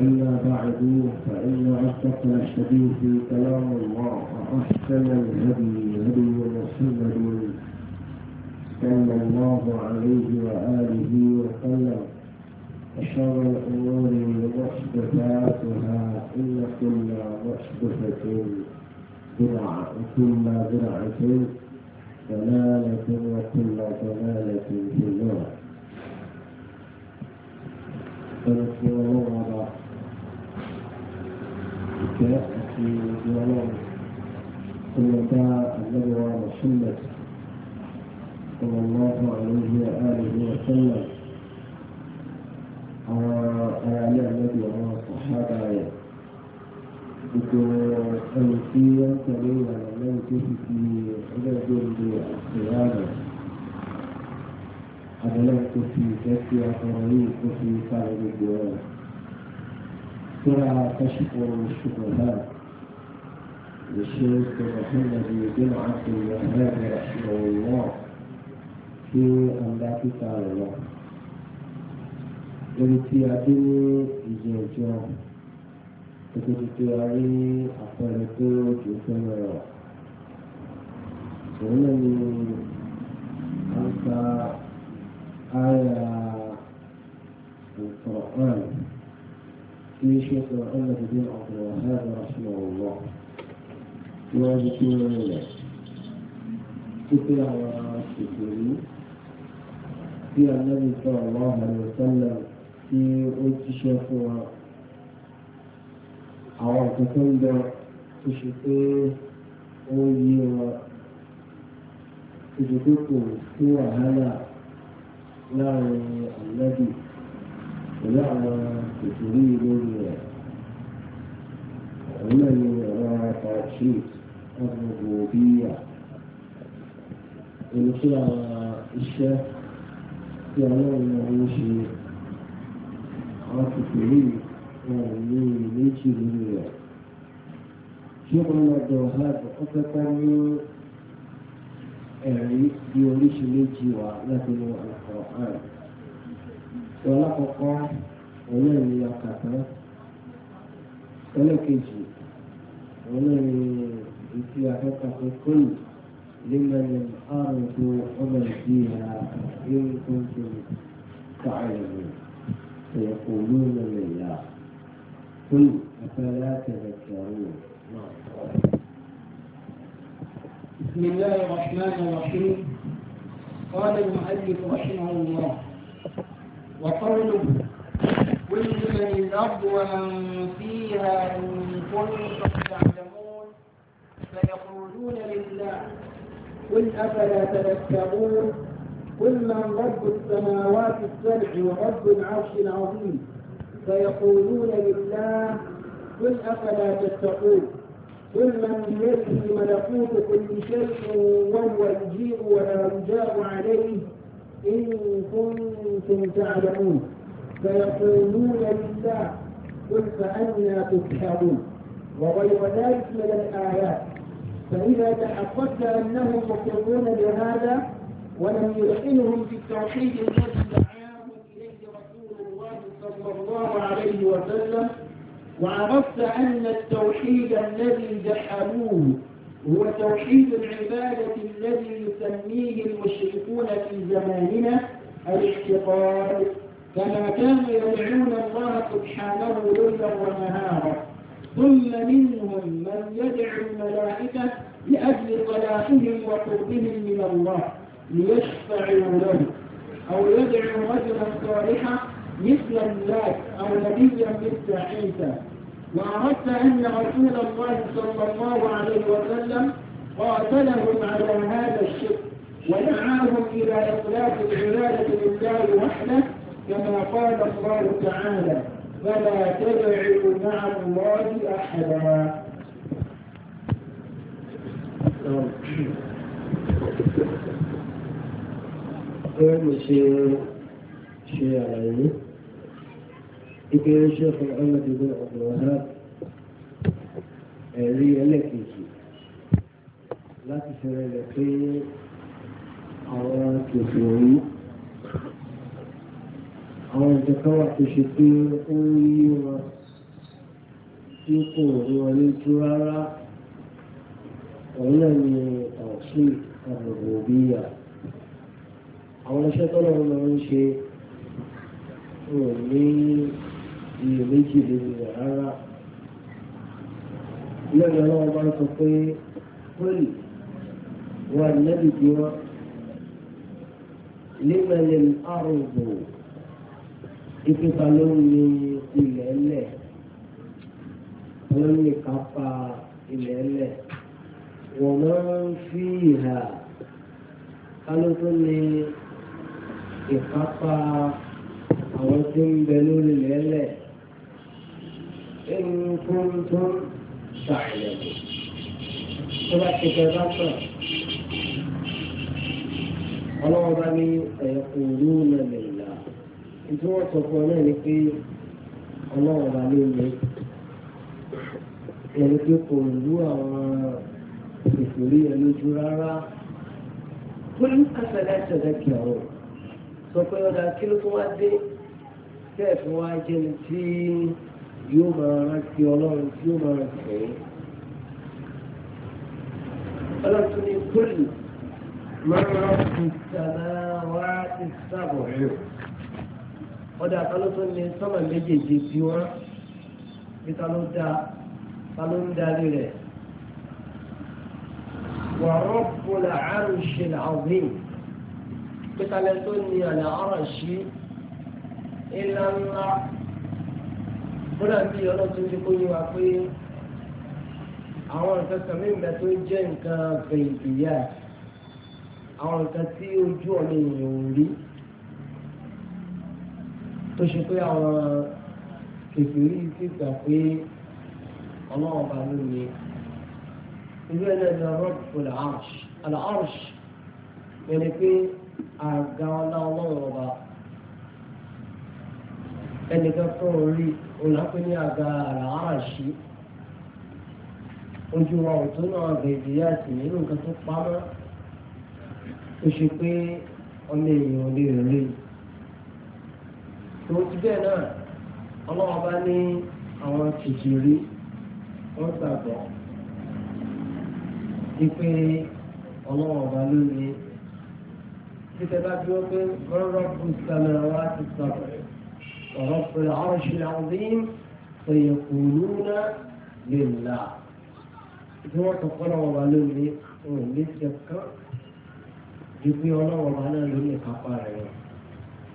أما بعد فإن أصدق الحديث كلام الله وأحسن الهدي هدي محمد صلى الله عليه وآله وسلم وشر الأمور محدثاتها إن كل محدثة برعة وكل برعة ضلالة وكل ضلالة في النار. الله في كيأتي بمنام دعا النبي محمد صلى الله عليه وآله وسلم على النبي والصحابة بتوفيا كريما لم تهدي إلى جند القيامة أدلت في ذكي أخرين وفي كعب الجوار كما تشكر la للشيخ محمد بن الوهاب رحمه الله في أملاك تعالى de في شيخ محمد بن عبد الوهاب رحمه الله وذكر الله ذكر الشكر في النبي صلى الله عليه وسلم في قلت شيخ àwọn kankan lọ oṣù pé ó yí wọn oṣù pé pẹ̀lú àwọn ìtòrí lórí rẹ̀ òun náà ni ọ̀rọ̀ ẹ̀ka ṣíìt ọ̀gbọ̀gbọ̀ bí yà èyí tí àwọn iṣẹ́ tí ọlọ́run náà ń ṣe àwọn ìtòrí wọn ò ní méjì lórí rẹ̀ tí ó máa ń lọ́dọ̀ ọ̀hádùn ó ẹ̀rí bí oríṣi wà láti inú àkọ́kọ́ àrùn. ọlọ́kọ̀ọ́kọ́ ọlọ́run akàtà ẹlẹ́kejì ọlọ́run ìfi àfẹ́kàtà kọ́lù lẹ́mẹ̀lẹ̀ àrùn tó ọmọ ìdí ìhà ìrìn tó ń tó káàyèrè ẹ̀kọ́ lónà lẹ́yà kọ́lù àtàlẹ́ àtẹ̀lẹ́kẹ̀ àwọn náà. بسم الله الرحمن الرحيم قال المؤلف رحمه الله وقوله كل من الأرض ومن فيها إن كنتم تعلمون فيقولون لله قل أفلا تذكرون قل من رب السماوات السبع ورب العرش العظيم فيقولون لله قل أفلا تتقون قل من بيده ملكوت كل شيء وهو يجير ولا يجار عليه إن كنتم تعلمون فيقولون لله قل فأنا تسحرون وغير ذلك من الآيات فإذا تحققت أنهم مقرون بهذا ولم يلحنهم بالتوحيد الذي دعاهم إليه رسول الله صلى الله عليه وسلم وعرفت أن التوحيد الذي جحدوه هو توحيد العبادة الذي يسميه المشركون في زماننا الاحتقار كما كانوا يدعون الله سبحانه ليلا ونهارا ثم منهم من يدعو الملائكة لأجل صلاحهم وقربهم من الله ليشفعوا له أو يدعو رجلا صالحا مثل الناس أو نبيا مثل عيسى وأردت أن رسول الله صلى الله عليه وسلم قاتلهم على هذا الشرك ودعاهم إلى إخلاص العبادة لله وحده كما قال الله تعالى فلا تدعوا مع الله أحدا Thank you. ṣe ike sheikh muhammad ibn abdulwahab ẹ̀rí ẹlẹ́kejì láti fẹ́rẹ̀ rẹ̀ pé àwọn kèfèrí àwọn ìjọba wà tó ṣe pé ó yí wọn tí kò rí wọn lójú rárá òun náà ni ọ̀ṣì àgbègbòbíyà àwọn iṣẹ́ tọ́lọ́run ló ń ṣe wọn ní iye méjì lórí rẹ̀ rárá. Lẹ́yìn ọlọ́run bá ń sọ pé pẹ́lú wà nẹ́bí bí wọ́n límẹ̀lẹ̀ àrùbò ìpínta ló ilẹ̀ ẹlẹ̀ wọ́n ní kápá ilẹ̀ ẹlẹ̀ wọ́n máa ń fi ìhà kálótó ní ìkápá àwọn tí ń bẹ lórí ilẹ̀ ẹlẹ̀. إن كنتم تعلمون طبعا كتابات ọlọ́wọ́bá ní ẹ̀yọ̀kùnrú lẹ́lẹ̀lá tí wọ́n sọ fún ọ náà ni pé ọlọ́wọ́bá ní ilé ẹni pé kò rú àwọn ìfòrí ẹ lójú rárá ó ní kásẹ̀lẹ̀ ṣẹ̀dẹ̀kì ọ̀rọ̀ sọ pé ọ̀dà kí ló tún wá dé bẹ́ẹ̀ fún wa jẹun tí yóò máa rántí ọlọ́run tí yóò máa tẹ̀ ẹ́. ọlọ́tún ní kúlù máa ń fi sàmà wá ti sábọ̀ rẹ̀. ọ̀dà àtàlótó ní sọ́mà méjèèjì tí wọ́n ní ta ló rẹ̀. wà rọ́pò làárùn ṣe làwọn mí. ní àlà ọ̀rọ̀ sí ńláńlá kódà bí ọlọ́tún ti kó yé wa pé àwọn nǹkan kan mímẹ́ tó jẹ́ nǹkan gbẹ̀yìgbìyà àwọn nǹkan tí ojú ọ̀nà èèyàn ò rí tó ṣe pé àwọn kèfèrí ti gbà pé ọlọ́run bá ló ní irú ẹ̀ náà ni Rabbul Arsh Al-Arsh yẹn ni pé àga ọlá ọlọ́run ọba ẹnìkan fún orí. òun náà ga ní àga àràárà sí ojú wa ò tó náà gèdè àti nínú nǹkan tó pamọ́ tó ṣe pé ọmọ èèyàn lè rí tòun ti bẹ́ẹ̀ náà ọlọ́wọ́ bá ní àwọn kìkìrí wọ́n gbàgbọ́ wípé ọlọ́wọ́ bá ló títẹ́ bá dúró pé wá ti sọ̀rọ̀. رب العرش العظيم فيقولون لله هو تقول وبالون لي ونسيبك جبي الله وبانا لوني كفارة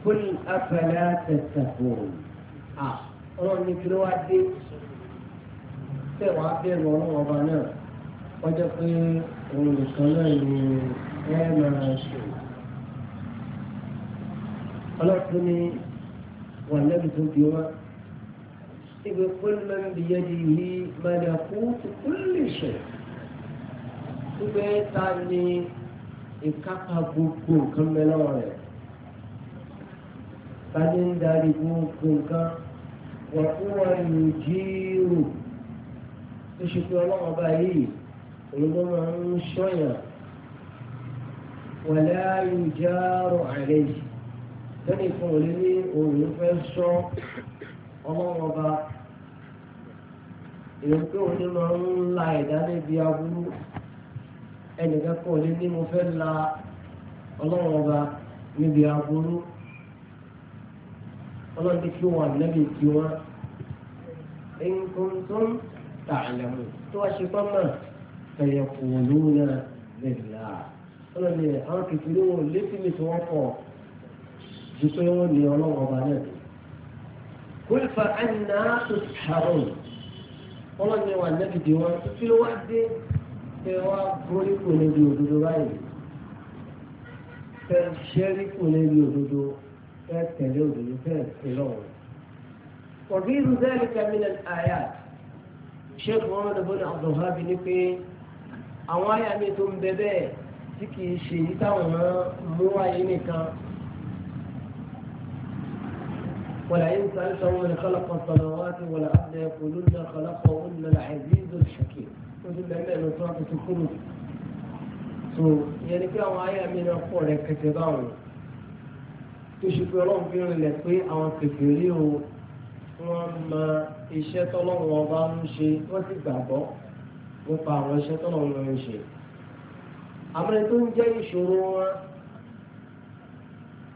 كل أفلا تتقون آه أنا نكلو عدي سوى عدي الله وبانا وجبي ونكلو ẹ máa والنبي صلى الله عليه وسلم كل من بيده ملكوت كل شيء ibẹ̀ ta ni ìkápá gbogbo nǹkan mẹ́lọ́wọ́ rẹ̀ ta ni ń darí gbogbo nǹkan wà fún wa yóò jíìrù ó ṣe pé ọlọ́wọ́ báyìí òun ló máa ń ṣọ́yàn wà láàyò jáàrò àlẹ́ yìí sẹ́ni fún òní ní òòrùn fẹ́ sọ ọlọ́wọ́ba èyí pé òní máa ń la ẹ̀dá níbi aburú ẹnìkan kan òní ní mo fẹ́ la ọlọ́wọ́ba níbi aburú ọlọ́dún kí wọn ànábì kí wọn nǹkan tààlàmù tó wá ṣe pọ́nmọ́ fẹ̀yẹ̀ kò lóun náà lè là ọlọ́dún àwọn kìkìrì wọn létí mi tí wọ́n kọ̀ ju pé wọ́n ní ọlọ́wọ́ ọba náà dùn. kul fa anna tusharun ọlọ́ni wa nẹ́bi di wọn kí ló wá dé ẹ wá borí kò níbi òdodo báyìí fẹ́ ṣẹ́rí kò níbi òdodo fẹ́ tẹ̀lé òdodo fẹ́ tẹ̀lé ọ̀rọ̀. وغير ذلك من الآيات شيخ محمد بن عبد الوهاب ní pé àwọn àyà mi tó ń bẹ bẹ́ẹ̀ tí kì í ṣe yí táwọn mú wáyé nìkan ولا سألتهم من خلق السماوات والأرض يقولون خلقهن العزيز الحكيم وجل لنا أن سورة الخروج yẹni pé àwọn ayé mi náà pọ̀ rẹ̀ kẹsẹ̀ báwọn tó ṣe pé ọlọ́run fi rìnlẹ̀ pé àwọn kékeré o wọ́n mọ iṣẹ́ tọ́lọ́run ọba ń ṣe wọ́n sì gbàgbọ́ nípa àwọn iṣẹ́ tọ́lọ́run ń ṣe. àmọ́ ẹni tó ń jẹ́ ìṣòro wọn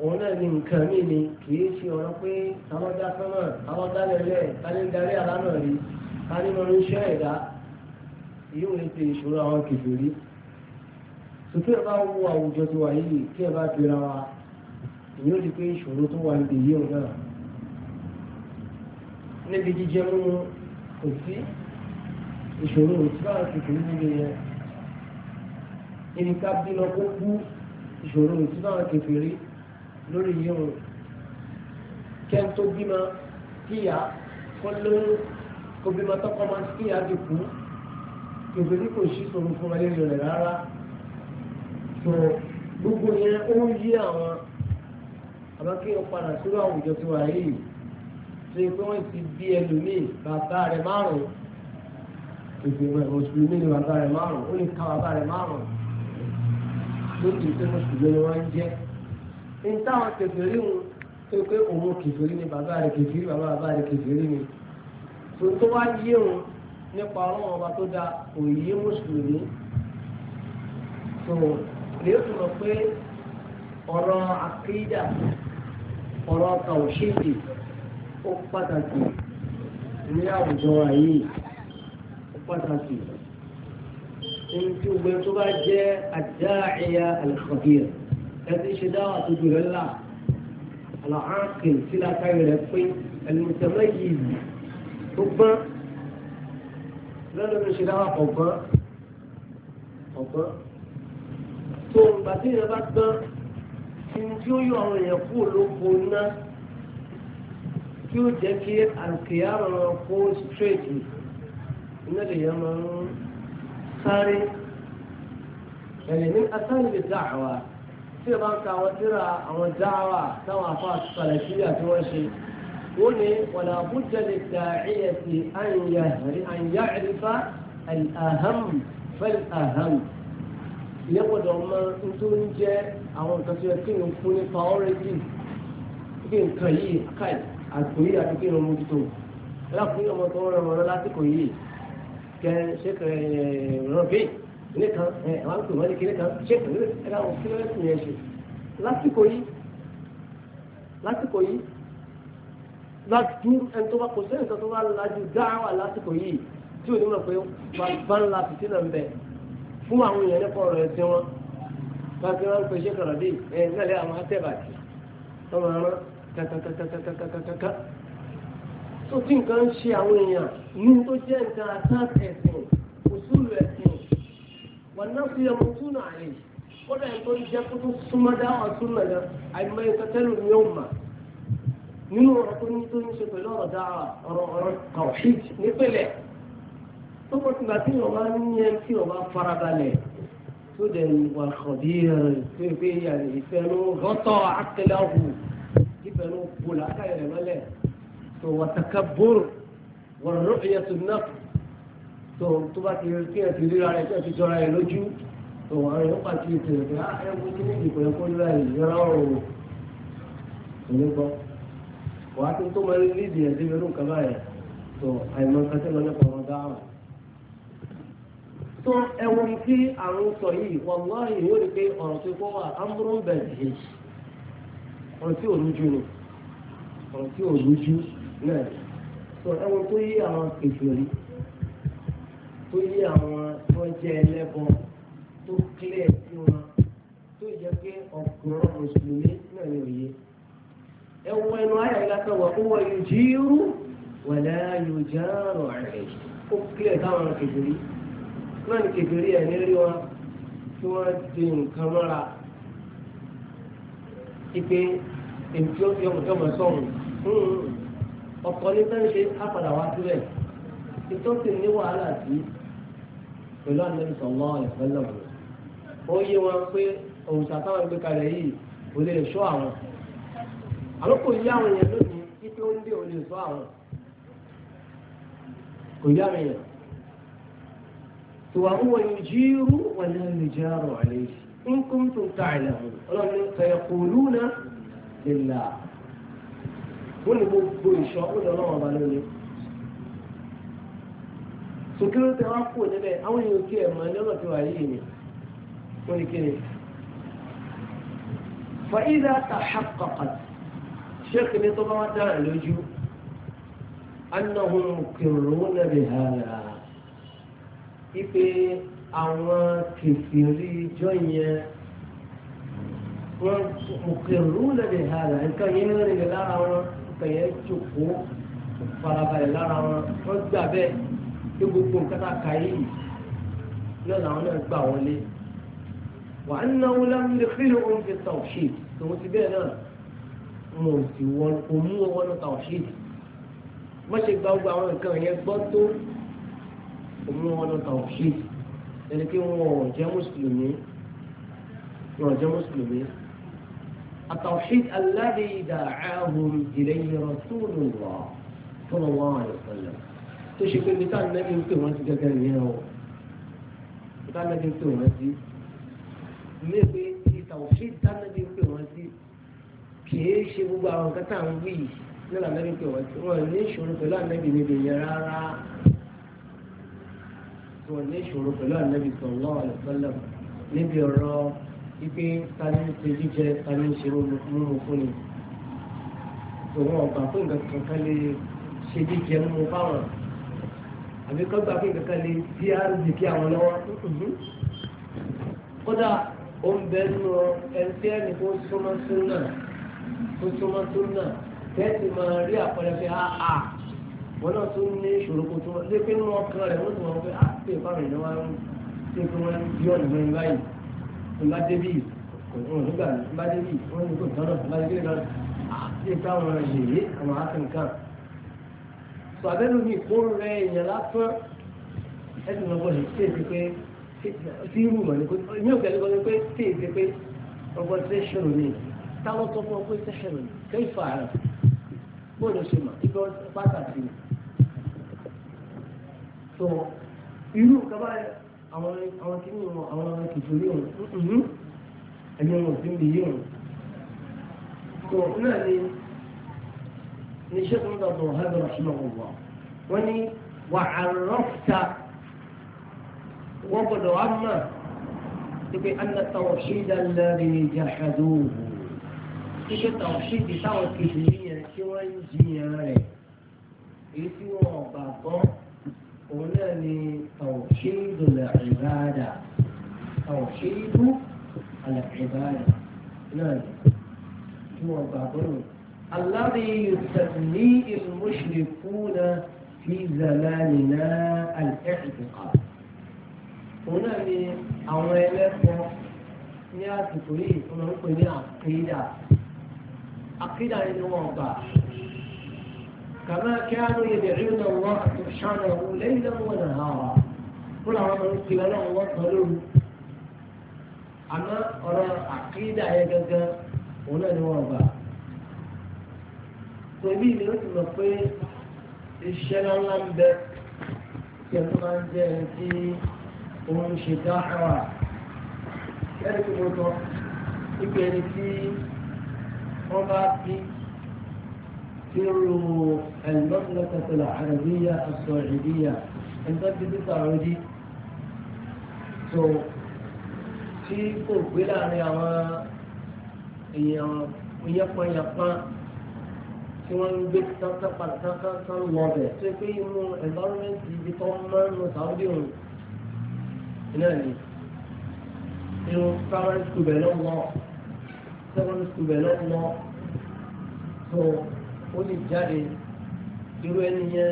òun náà ní nǹkan mí ni kì í ṣe ọ̀rọ̀ pé àwọn dá sánmà àwọn dálẹ̀lẹ̀ kálí darí àlámọ̀ rí kálí lọ́rọ́ iṣẹ́ ẹ̀dá yóò lè ṣe ìṣòro àwọn kìfìrí. sùkúrò bá wo àwùjọ ti wà yìí kí ẹ bá gbéra wa ìyẹn ó di pé ìṣòro tó wà níbi yìí náà. níbi jíjẹ mímu kò sí ìṣòro òtúbà kìfìrí níbi yẹn. ibi ká bí lọ kó kú ìṣòro òtúbà kìfìrí lórí yíyún kẹ́ni tó bímọ kíyà kọ́ lóyún kó bímọ tọ́kọ́ máa kíyà ti kú ìgbè ní kò sí sọ̀rọ̀ fún ẹlẹ́yìn rẹ̀ rárá tó gbogbo yẹn ó ń yí àwọn àbákẹ́yọ̀ padà sórí àwùjọ tó wà yìí ṣe pé wọ́n ti bí ẹlòmíì bàbá rẹ̀ márùn-ún ìgbìmọ̀ mùsùlùmí ni bàbá rẹ̀ márùn-ún ó lè ká bàbá rẹ̀ márùn-ún lókè tí mùsùlùmí ni wọ́n ń jẹ́ ní táwọn kẹfìrí wọn tó pé òun kẹfìrí ni bàbá rẹ̀ kẹfìrí bàbá bàbá rẹ̀ kẹfìrí ni tó tó wá yé wọn nípa ọlọ́run ọba tó da òye mùsùlùmí tó lè tó lọ pé ọ̀rọ̀ àkídà ọ̀rọ̀ kàwọ́ṣẹ́dì ó pàtàkì ní àwùjọ ayé ó pàtàkì ní tí gbogbo tó bá jẹ́ àdáàyà àlùfàgìrì ẹni ṣe dáwà tó ju rẹ̀ là àlàáńkì tí látàrí rẹ̀ pé ẹlòmùtẹ́mẹ́ yìí tó gbọ́n lọ́nà ló ṣe dáwà ọ̀gbọ́n ọ̀gbọ́n tó ń gbà tí ìyẹn bá gbọ́n tí n tí ó yọ àwọn èèyàn kúrò lóko ná tí ó jẹ́ kí àkèyà rọrùn kó straight iná lè yẹn máa ń sáré ẹ̀yìn ní asáyìn lè dá àwa tí ẹ bá ń ka àwọn tíra àwọn dáhàwà táwọn afa sàlẹ̀kíyà tí wọ́n ṣe ó ní wọ̀nà àbújá lè dà ẹ̀yẹ sí àyà ẹ̀rífà àhàm fẹ́l àhàm. ìyẹn gbọ́dọ̀ mọ tó ń jẹ́ àwọn nǹkan tó yẹ kí n fún ní priority kí nǹkan yìí káì àgbòyè àti kí n mú tó. ẹlẹ́kùnrin ọmọ tó ń rọrùn lásìkò yìí kẹ́ ṣe kẹ́ rọ́bì ilé kan ẹ àwọn àti ìwọ́n kan ṣé pẹ̀lú ẹ̀ka àwọn kílómítì yẹn ṣe lásìkò yìí lásìkò yìí lájú ẹni tó bá kò sẹ́yìn tó bá lájú dáhà lásìkò yìí tí òní mọ̀ pé bá ń la fìtí náà ń bẹ̀ fún àwọn èèyàn nípa ọ̀rọ̀ ẹ̀sìn wọn bá ti wọn pe ṣé kọ̀rọ̀ bíi ẹ̀ nílẹ̀ àwọn atẹ́bàtì tọ́mọ ọ̀rọ̀ kàkàkàkàkàkàkàkà tó tí nǹkan ń ṣe àwọn èèyàn ní tó jẹ́ nǹkan àtàkẹ́sìn òṣùlù ẹ̀sìn wọn náà fi ẹmu tún náà àlè kódà ẹni tó ń jẹ kó tó súnmọ́ dá wà tún náà yẹn àìmọ ẹ̀ka tẹ́lẹ̀ ní yóò mà nínú ọ̀rọ̀ tó ní tó ní ṣe pẹ̀lú ọ̀rọ̀ dá ọ̀rọ̀ ọ̀rọ̀ tawhid nípìnlẹ̀ tó kọ́ tìgbà tí ọba ń yẹ ọba farabalẹ̀ tó dẹ̀ wà kọ̀dí rẹ̀ pé ìfẹ́nu rọ́tọ̀ akẹ́lẹ́hù ìfẹ́nu bùlá káyọ̀ rẹ̀ mọ́lẹ̀ tó wà takabur wà rọ́ọ̀yẹ̀tù náà tó tó bá ti kí ẹ ti ríra rẹ tí ẹ ti jọra rẹ lójú tó wọn rẹ ó pàtó ètò rẹ pé á ah, ẹ wo kí ní ìdìbò yẹn kó lóra rẹ yọrọ o òní gbọ́ wàá tó tó máa ní ìdí ẹ síbi irun kaba yẹn tó àìmọ̀ nǹkan tí wọn lè pọnrọ dáhùn. tó ẹwọn tí àrùn sọ yìí wàláhì ìwé ni pé ọ̀rọ̀ tó kọ́ wà ámúrún bẹ̀rẹ̀ ọ̀rọ̀ tí ò lójú ni ọ̀rọ̀ tí ò lójú náà tó ẹwọn tó yí àwọn ètò tó yé àwọn tó jẹ́ ẹlẹ́bọn tó kílẹ̀ sí wọn tó jẹ́ pé ọ̀gọ̀rọ̀ mùsùlùmí náà ní òye. ẹ wọ ẹnu ayé ìlàtọ̀ wà kó wọ́n yóò jíírú wàlẹ́ yóò já rọ̀ rẹ̀ ó kílẹ̀ táwọn kékeré náà ní kékeré ẹ̀ nírí wọn tí wọ́n di nǹkan mọ́ra ipe èmtí ọmọ sọ̀rọ̀ hmm. ọkọ̀ ní fẹ́ẹ́ á padà wá sílẹ̀ ìtọ́sí ní wàhálà sí i pẹ̀lú ànábì sallallahu alaihi wasallam ó yé wọn pé òòṣà táwọn gbé kalẹ̀ yìí ò lè ṣọ́ àwọn àlókò yá àwọn èèyàn lónìí títí ó ń dé ò lè ṣọ́ àwọn kò yá àwọn èèyàn tó wà wọ́n yóò wọn ní lè jẹ́ àrùn àlẹ́ yìí ń kún tó ta àìlẹ̀ ọ̀hún ọlọ́run sayaquluna lillah wọ́n ní gbogbo ìṣọ́ ó lọ́wọ́ sókè ló tẹ wá kú níbẹ̀ àwọn èèyàn kí ẹ̀ mọ̀ lọ́nà tó wà yìí ni wọ́n ní kíni. fa'ida tahaqqaqat sheikh ni tó bá wá dára lójú annahum muqirruna bihada ipe àwọn kìfìrí ìjọ yẹn wọ́n muqirruna bihada nǹkan yẹn rìn lára wọn nǹkan yẹn jòkó farabalẹ̀ lára wọn wọ́n gbà bẹ́ẹ̀ pé gbogbo nǹkan tá a kà yìí náà làwọn náà gbà wọlé wà á náwó lámúlẹ̀ fílẹ̀ òun fi tawhid tòun ti bẹ́ẹ̀ náà mo sì wọn kò mú owó ní tawhid má ṣe gba gbogbo àwọn nǹkan yẹn gbọ́ tó kò mú owó ní tawhid ẹni pé wọn ò jẹ́ mùsùlùmí wọn ò jẹ́ mùsùlùmí. التوحيد الذي دعاه إليه رسول الله صلى الله عليه وسلم tó ṣe pé bíta nẹ́bí ń pè wọ́n ti gẹ́gẹ́ nìyẹn o bíta nẹ́bí ń pè wọ́n sí ilé pé ìta òfin bíta nẹ́bí ń pè wọ́n sí kìí ṣe gbogbo àwọn nǹkan tá à ń wí nílà nẹ́bí ń pè wọ́n sí wọ́n ní ìṣòro pẹ̀lú ànẹ́bí níbi yẹn rárá wọ́n ní ìṣòro pẹ̀lú ànẹ́bí sallallahu alaihi wasallam níbi ọ̀rọ̀ ipe ta ni ń ṣe jíjẹ ta ni ń ṣe mímu fún ni òun ọ̀gbà fún nǹkan kankan lè ṣe jíjẹ mímu fáwọn àbí kọ́ gbà pé kankan lè bí àrùbí kí àwọn lọ́wọ́ kódà ó ń bẹ nínú ẹni tí ẹni tó súnmọ́ súnà tó súnmọ́ súnà tẹ́sí máa rí àpẹẹrẹ pé áà ah, ah, wọn náà tún ní ìṣòro kó tó lé pé nínú ọkàn rẹ̀ wọ́n ti mọ̀ pé áà ah, pé ìfáwọn ìnáwó wa ń ṣe pé wọ́n bí ọ̀nà mẹ́rin báyìí ìgbà débì kò nígbà débì wọ́n ní kò tán náà ìgbà débì náà àti ìfáwọn ìṣèlú àwọn àti nǹkan tó abẹ́lú mi kó rẹ èèyàn lásán ẹ̀sìn náà bọ̀ ní tí èsì pé tí irú mọ̀ ní pé ní òkè ẹ̀lẹ́kọ́ ní pé tí èsì pé ọgbọ́n tí ṣe rò ní táwọn tó fún ọ pé tí ṣe rò ní kẹ́ ìfà rẹ̀ bóyá ló ṣe mọ̀ ibẹ̀ pàtàkì ni. tó irú kaba àwọn àwọn kìíní wọn àwọn ọmọ kìfìrí wọn mm-hmm. ẹni wọn ò sí níbi yìí wọn. tó náà ni. نشيط من الله هذا رحمه الله وني وعرفت وقل أما بأن التوحيد الذي جحدوه إيش التوحيد بتاعه كثيرية كيوا يزياري إيش هو بابا أولاني توحيد العبادة توحيد العبادة نعم هو بابا الذي يسميه المشركون في زماننا الاعتقاد هنا àwọn ẹlẹ́kọ̀ọ́ ní àsìkò yìí wọ́n ń pè ní àkídà àkídà nínú ọgbà كما كانوا يدعون الله سبحانه ليلا ونهارا fún àwọn ọmọ ìpè ọlọ́run wọ́n sọ lóru àmọ́ ọ̀rọ̀ àkídà yẹn gangan òun náà ni wọ́n gbà tòbí ni ó ti mọ̀ pé iṣẹ́ ńláńlá ń bẹ tí ẹ̀ tó máa ń jẹ́ ẹni tí òun ṣe dáhàwà ẹni tó mọ̀ tán nípa ẹni tí wọ́n bá bí tí ó ro al-Mamlakah al-Arabiyyah as-Saudiyyah ẹni tó ti bí Saudi tó tí kò gbé láàrin àwọn èèyàn ìyẹ́pọ̀ ìyẹ́pọ̀ tí wọ́n ń gbé pátápátá káká ń lọ bẹ̀ tó pé inú environment ibi tó máa ń lọ sáwọ́dí òun náà ni inú primary school bẹ̀ lọ́ lọ secondary school bẹ̀ lọ́ lọ tó ó lè jáde irú ẹni yẹn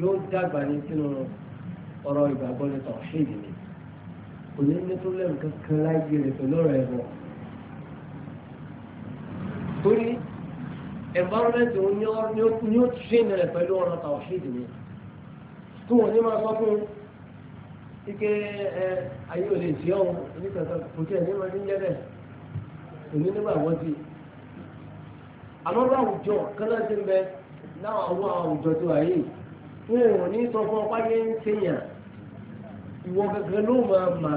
yóò dàgbà ní sínú ọ̀rọ̀ ìgbàgbọ́ ní tọ̀ṣíìdì ni kò ní ní problem kankan láì gbé rẹ̀ pẹ̀lú ọ̀rọ̀ ẹ̀bọ̀ torí environment òun ni ó train rẹ̀ pẹ̀lú ọ̀nà tawhid ni tí wọ́n ní máa sọ fún ike ẹ ayé ò lè jẹ́ òun oníkankan kò tí ẹ̀ ní máa ní jẹ́ bẹ́ẹ̀ òní nígbà wọ́n ti àmọ́ láwùjọ kánná ti ń bẹ láwọn àwọn àwùjọ tó wà yìí wọn ò ní sọ fún ọpá yẹn ń sèyàn ìwọ gẹ́gẹ́ ló máa mà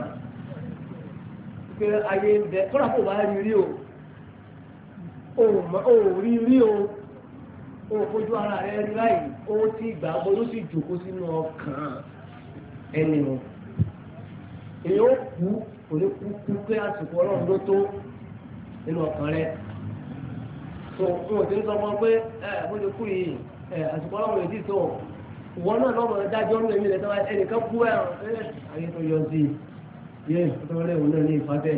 pé ayé ń bẹ kọ́ra kò bá rí rí o òòrí rí o òfojú ara rẹ rí láì ó ti gbà bó ló sì jòkó sínú ọkàn ẹni o èyí ó kú kò ní kú kú pé àsìkò ọlọ́run ló tó nínú ọkàn rẹ tó n ò ti ń sọ fún ọ pé ẹ bó ti kú yìí ẹ àsìkò ọlọ́run yóò ti tó ìwọ náà lọ́mọ dájọ́ ní èmi lẹ́tọ́ ẹnìkan kú ẹ̀ ẹ̀ àyè tó yọ sí i yé ìtọ́lẹ́wọ̀n náà ní ìfàtẹ́.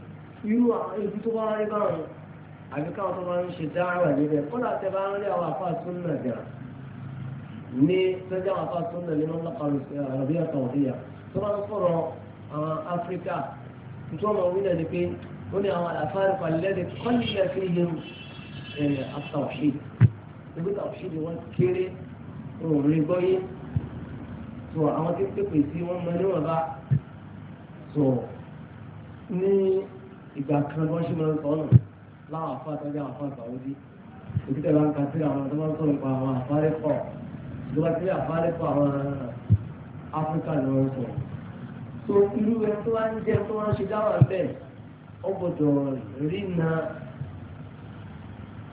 irú àwọn ibi tó bá rí báwọn àbí káwọn tó máa ń ṣe dáhàwà níbẹ̀ kódà tẹ bá ń rí àwọn afá súnà jà ní sẹ́jà àwọn afá súnà nínú lápàlù àràbí àtàwọn ìyà tó máa ń sọ̀rọ̀ àwọn áfíríkà tó máa wí náà ni pé ó ní àwọn àlàfáàrí pàlẹ́dẹ̀ kọ́lẹ̀ fi yẹn àtàwọ̀ṣì ìgbé tàwọ̀ṣì ni wọ́n kéré òun gbọ́yé tó àwọn tí pèpè sí wọ́n mọ ìgbà kan lọ́n ṣe máa ń sọ́nà láwọn àfa àtàjà àfa àtàwọ́dí òkúta ìlànà kan sí àwọn tó máa ń sọ̀rọ̀ pa àwọn àfárẹ́kọ̀ ìjọba sí àfárẹ́kọ̀ àwọn áfíríkà ni wọ́n sọ. tó irú ẹ tó wá ń jẹ tó wá ń ṣe dáwà bẹ́ẹ̀ ó gbọ́dọ̀ rí na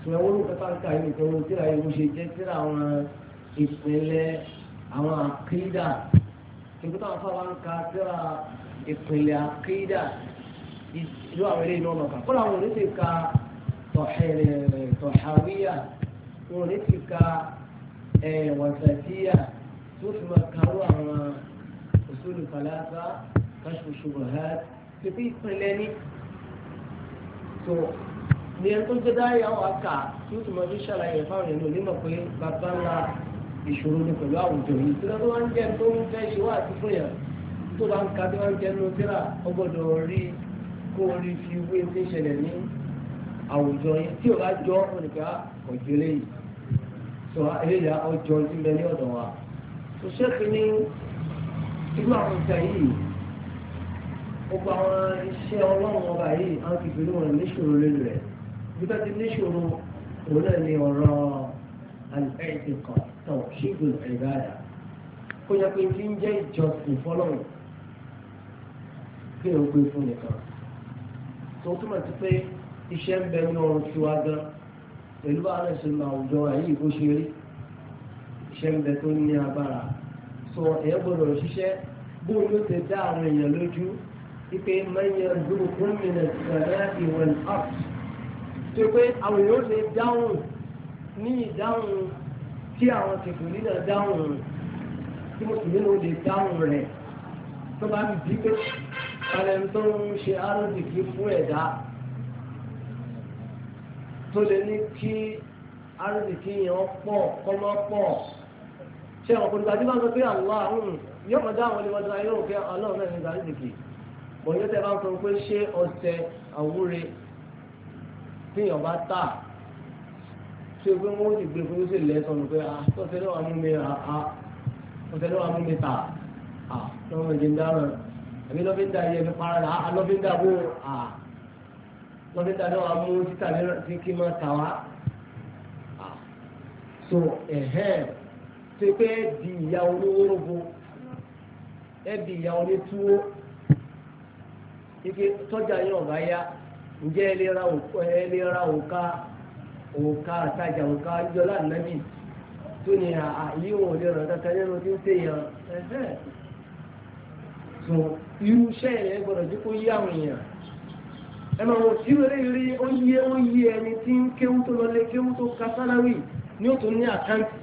ìṣòwò ló kẹta ń kà yìí nìkan wọn tíra yìí ṣe jẹ tíra àwọn ìpínlẹ̀ àwọn àkídà ìgbọ́dọ̀ àwọn fáwọn ń ka tíra àkídà ìlú àwọn ilé ìlú ọmọkà kó làwọn òní ti ka tọ̀hàwíyà wọn òní ti ka wàtàtíyà tó fi máa karú àwọn òṣèlú kàlàkà káṣùṣù rẹ̀ pípé ìpínlẹ̀ ní tó ní ẹni tó gbé dáyà wà kà tí ó sì máa fi ṣàlàyé fáwọn ènìyàn onímọ̀ pé bàbá ńlá ìṣòro ni pẹ̀lú àwùjọ yìí tí wọ́n máa ń jẹ́ tó ń fẹ́ ṣe wá àti fún yàn tó bá ń ka tí wọ́n ń jẹ́ kó o rí fi wé tí ń ṣẹlẹ̀ ní àwùjọ yẹn tí o bá jọ ònìkà ọ̀jọ́ lẹ́yìn sọ eléyà ọjọ́ tí ń bẹ ní ọ̀dọ̀ wa tó ṣẹ́kì ní irú àwọn ìta yìí gbogbo àwọn iṣẹ́ ọlọ́run ọba yìí àwọn kìkì ló wọn níṣòro lórí rẹ̀ nígbà tí níṣòro òun náà ní ọ̀rọ̀ àlùfẹ́ẹ̀tì kan tàn ṣígun ìbáàdà kó yẹ pé tí ń jẹ́ ìjọsìn fọlọ́run kí ló gbé fún nìkan tó túmọ̀ sí pé iṣẹ́ ń bẹ ní ọrùn tiwa gan pẹ̀lú àwọn ìṣẹ̀lẹ̀ àwùjọ àyè bó ṣe rí iṣẹ́ ń bẹ tó ní agbára sọ ẹ̀ gbọ́dọ̀ ṣiṣẹ́ bóun ló ti dá àwọn èèyàn lójú ipe mẹ́yẹ dúró fún mi nà sẹ̀rẹ̀ ìwọ̀n up tó pé àwọn èèyàn lè dáhùn ní ìdáhùn tí àwọn kẹfìrí náà dáhùn tí mùsùlùmí náà lè dáhùn rẹ̀ tó bá ń bí pé ẹni tó ń ṣe arúgbìkì fún ẹ̀dá tó lè ní kí arúgbìkì yẹn pọ̀ kọ́mọ́ pọ̀ ṣé àwọn kòtò àti máa ń sọ pé hmm, àwọn àrùn yóò kọjá àwọn olùwọ́dún ayé òkè ọlọ́run náà ní arúgbìkì mọ̀ ní tẹ́ bá ń sọ pé ṣé ọ̀sẹ̀ àwúre tíyàn bá tà ṣé pé wọ́n ti gbé fún sí lẹ́sọ̀nù pé àtọ́sẹ̀ ah, náà wà mú àtọ́sẹ̀ ah, ah, náà wà tà àtọ́sẹ̀ náà àbí lọ́fíńdà yẹ mi para rà á ah, lọ́fíńdà bò à ah. lọ́fíńdà kí ah. so ẹ̀hẹ́n ṣe pé di ìyá olówó ẹ di ìyá onítúwó ike tọ́jà yẹn ọ̀gá yá ǹjẹ́ ẹ lè ra òka òka àtajà òka ìjọba nàbì tó ní àyíwò lè rọ̀ kankan nínú tí ń fún irú iṣẹ́ yẹn gbọ́dọ̀ jẹ́ kó yí àwọn èèyàn ẹmọ wọn tí ó lè rí ó yí ó yí ẹni tí ń kéwú tó lọlé kéwú tó ka sálárì ní ó tún ní àkáǹtì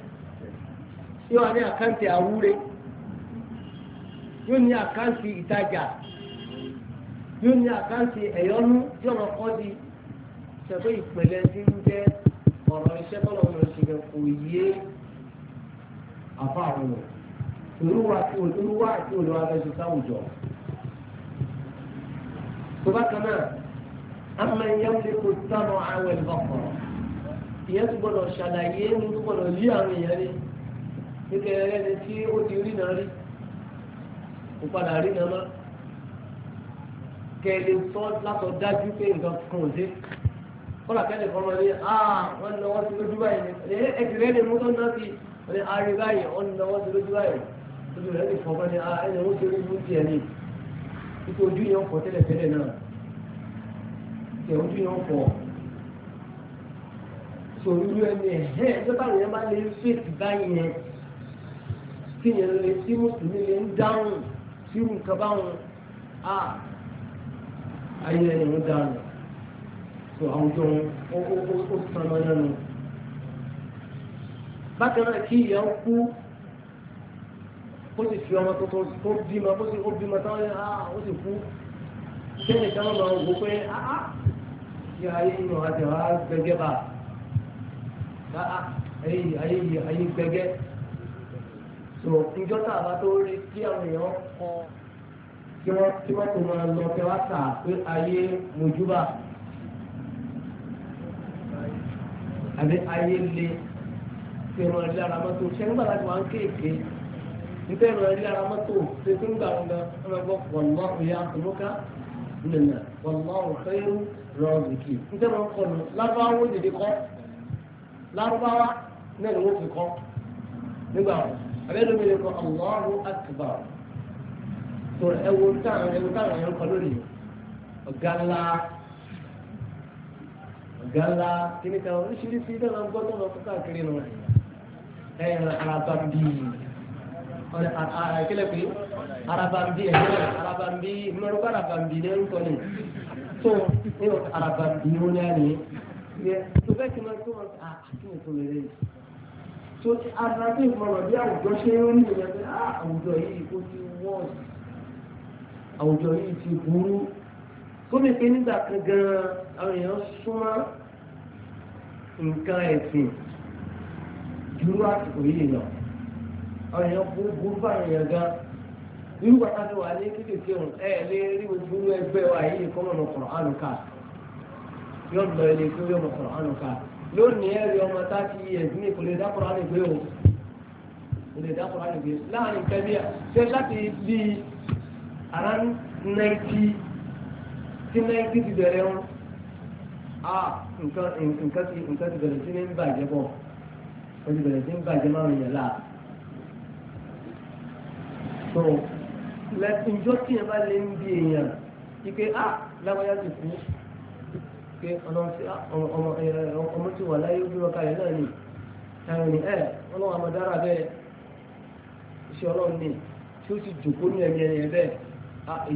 yóò wá ní àkáǹtì àwúre yóò ní àkáǹtì ìtajà yóò ní àkáǹtì ẹ̀yọ́nú tí ọmọ kọ́ di ṣẹ̀fẹ́ ìpìlẹ̀ tí ń jẹ́ ọ̀rọ̀ iṣẹ́ tọ́lọ̀ ọmọ ìṣẹ̀lẹ̀ kò yé àbá àwọn ọ̀rọ̀ olúwa àti olúwa àti olúwa abẹ́sẹ̀ sáwùjọ. tó bá kan náà ama yamliku sámọ àwọn ìbọ̀kọ̀ ìyẹn tó gbọdọ̀ ṣàlàyé ní tó gbọdọ̀ lé àwọn èèyàn ní nígbà ẹ̀rẹ́ ni tí ó ti rí náà rí kò padà rí náà má kẹ́ ẹ lè sọ látọ̀ dájú pé nǹkan kan ò dé kọ́lá kẹ́lẹ̀ kan máa ní ah wọ́n lọ́wọ́ sí lójú báyìí ẹ̀ ẹ̀ tìrẹ́ lè mú tó ń náà sí wọ́n ní báyìí wọ́n lọ́wọ́ sí lójú báyìí ojú rẹ̀ lè fọ́n bá ní ah, ẹni ó ṣe ojú tiẹ̀ ni ipò ojú yẹn ń fọ́ tẹ́lẹ̀tẹ́lẹ̀ náà tẹ̀ ojú yẹn ń fọ́ sòrúurú ẹni ẹ̀hẹ́ ẹ̀dọ́ta yẹn bá lè fèsì báyìí yẹn kí yẹn lè tí mùsùlùmí lè ń dáhùn sí nǹkan báwọn a ah, ayé ẹni ń dáhùn tó àwùjọ ó sàn lọ yẹn nu bákan náà kí ìyá ń kú ó sì fi ọmọ tó tó bímọ ó sì bímọ táwọn yẹn á ah, ó sì kú kéèyàn kan máa wò pé áá ah, ah, kí ayé nù àti àá gbẹgẹ bá áá ayé ayé ayé gbẹgẹ so ìjọ tá a bá tó rí kí àwọn èèyàn kọ kí wọ́n kí wọ́n tó máa lọ kí wọ́n tà pé ayé mojúbà àbí ayé le kí wọ́n rí lára mọ́tò ṣẹ́ nígbà láti wọ́n kéèké nítorí ẹ̀rọ ilé ara mọ́tò ṣe tó ń gbà wọn gan wọn lọ gbọ́ wọ̀lọ́ ìyá àtúnúká nìyẹn wọ̀lọ́ òfẹ́rù rọ̀ọ̀dìkì nítorí wọn kọ nù lárúbáwá ó dìde kọ́ lárúbáwá náà ni wọ́n fi kọ́ nígbà wọn abẹ́rẹ́ mi lè kọ́ Allahu akbar tó ẹwọ táwọn ẹwọ táwọn ẹ̀rọ kọ lórí ọ̀gá ńlá kíníkà oríṣiríṣi dáná gbọ́dọ̀ lọ kílẹ̀ pé arabambi ẹ̀yẹ́ eh, arabambi mẹ́rọ́gbà arabambi lẹ́yìn tọ́lẹ̀ tó ní arabambi ó ní àná yẹ tó bẹ́ẹ̀ tí wọ́n tó wọn à àti òkú rẹ̀ yìí tó arabi ìmọ̀ràn bí àwùjọ ṣe ń rí ìyẹn pé á àwùjọ yìí ó ti wọ́ọ̀sì àwùjọ yìí ti burú gómìnà pé nígbà kan gan àwọn èèyàn súnmọ́ nǹkan ẹ̀sìn dúró àsìkò yìí lọ àwọn èèyàn kú burú fáwọn èèyàn gan irú bàtà tó wà ní kékeré òun ẹ lé rí ojú irú ẹgbẹ́ wa yìí kọ́ mọ̀nà kọ̀ọ̀ àlùkà yóò lọ ilé tó yọ̀ mọ̀ kọ̀ọ̀ àlùkà lónìí ẹ̀rí ọmọ tá a ti yẹ ní kò lè dákọ̀rọ̀ àlùgbé o kò lè dákọ̀rọ̀ àlùgbé láàrin kẹ́mí ṣe láti bí around ninety sí ninety ti bẹ̀rẹ̀ wọn a nǹkan ti bẹ̀rẹ̀ sí ní bàjẹ́ bọ̀ gbọ́n lẹ́tìjọ́ tí yẹn bá lè ike a lágbáyà ti kú pé ah, ọmọ tí wà láyé ojú ọkà yẹn náà ni na ni ẹ̀ eh, na àmọ̀dára bẹ́ẹ̀ iṣẹ́ ọlọ́run ni tí ó sì jòkó ní ẹ̀mí ẹ̀yẹ bẹ́ẹ̀ ah,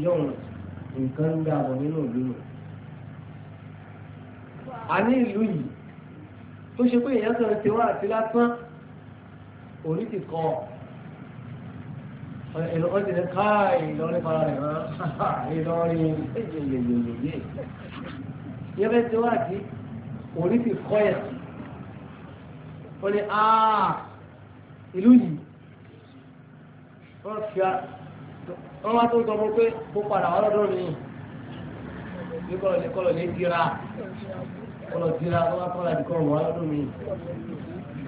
nǹkan ń nínú ìlú nù. a ní ìlú yìí tó ṣe pé èèyàn kan ti wá àti lásán orí ti kọ́ ọ. ẹlọ́kọ́ ti ní káàì lọ́rí fara rẹ̀ rán ìlọrin yẹyẹyẹyẹ yẹ́bẹ́ tí wá sí orí ti kọ́ ẹ̀ sí ó ní àà ìlú yìí wọ́n fi wọ́n wá tó sọ fún pé kó padà wọ́n lọ́dọ̀ mi níkọlọ̀ ní dira kọlọ̀ dira wọ́n wá kọ́lá ní kọ́lọ̀ wọ́n lọ́dọ̀ mi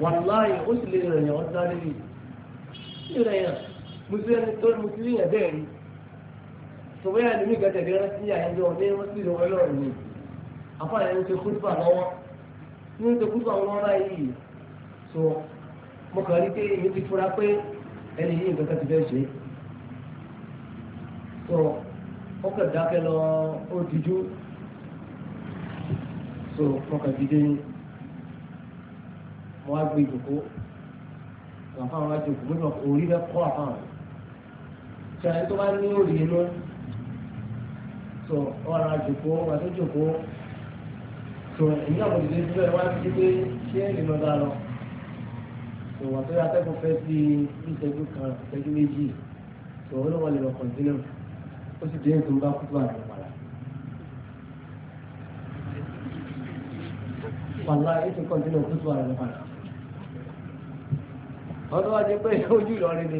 wàláyé ó sì lè rẹ̀ yàn ọ́ sáré mi sí rẹ̀ yàn mùsùlùmí tó mùsùlùmí yẹn bẹ́ẹ̀ ni tòwé yà lómi gàdé gẹ́gẹ́ sí àyẹ̀dẹ́ ọ̀dẹ́ wọ́n sì lọ́wọ́ lọ́rùn ni àpá yẹn ń ṣe kúrúfà lọ́wọ́ ní ń ṣe kúrúfà lọ́wọ́ báyìí so mo kàn rí pé èmi ti fura pé ẹni yìí nǹkan ti fẹ́ ṣe so ó kàn dákẹ́ lọ ó dijú so mo kàn dìde ni mo wá gbé ìjòkó àfáwọn wá jòkó mo ní orí rẹ kọ́ àfáwọn tẹ̀lé tó bá ní òrì inú tó ọ̀rọ̀ àjòkó wà tó jòkó tó èyí àwọn òdìdí wá sí pé ṣé èrè lọ dáa lọ tó wà tó yà akẹ́kọ̀ọ́ fẹ́ sí ìṣẹ́jú kan ìṣẹ́jú méjì tó ó lọ́wọ́ lè lọ kọ̀ǹtínú ó sì dé ètò bá kú tó àná padà. ètò kọ̀ǹtínú kú tó àná Ọdún wa pé ojú Ìlọrin ni.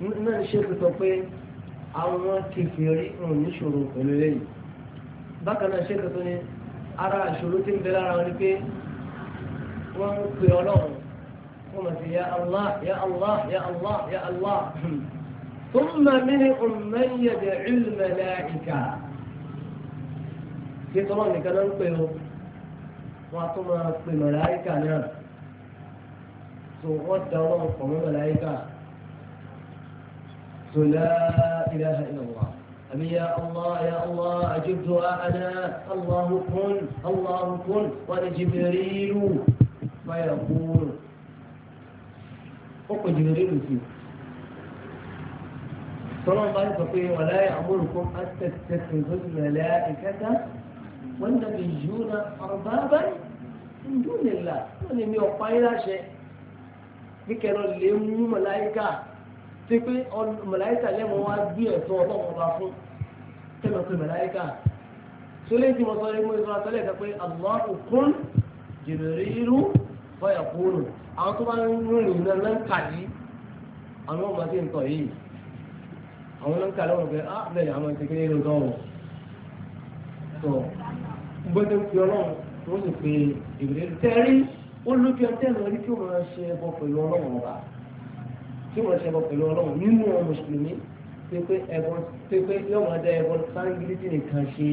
náà ní ṣéèkì sọ pé àwọn kẹfìrí ń níṣòro pẹ̀lú lẹ́yìn bákan náà ṣéèkì tó ní ara ìṣòro tí ń bẹ lára wọn ni pé wọ́n ń pè ọlọ́run wọ́n mọ̀ sí ya Allah ya Allah ya Allah ya Allah ثم منهم من يدعي الملائكة kí tọ́lọ́ nìkan náà ń pè ó wọ́n á tún máa pè màláìkà náà tó wọ́n da ọlọ́run pọ̀ mọ́ màláìkà. قلت لا إله إلا الله أم يا الله يا الله أجبت أنا الله كن الله كن وأنا جبريل فيقول فوق جبريل فيه صلى الله وسلم ولا يأمركم أن تتخذوا الملائكة والنبيون أربابا من دون الله ولم يقع إلى شيء ذكر لهم ملائكة ṣe pé màláíkà lẹ́mọ̀ wá gbé ẹ̀tọ́ ọlọ́run ọba fún tẹ́lọ̀ pé màláíkà tó lè ti mọ̀ sọ ẹgbẹ́ ìṣọ́ àtọ́lẹ̀ kan pé àlọ́ òkun jèrèrè irú bọ́yà kúrò àwọn tó bá ń rìn iná lẹ́ńkà yìí àwọn ọmọ ti ń yìí àwọn lẹ́ńkà lọ́wọ́ pé á ah, bẹ́ẹ̀ àwọn ti kéde irun tó gbọ́dọ̀ fi ọlọ́run tó sì pé ìbèrè tẹ́rí ó lójú ọtẹ́ lọ rí kí òun ṣe ẹbọ tí wọ́n ṣẹbọ pẹ̀lú ọlọ́run nínú wọn mùsùlùmí pépé ẹbọn pépé yóò máa dá ẹbọn sáńgírídì nìkan ṣe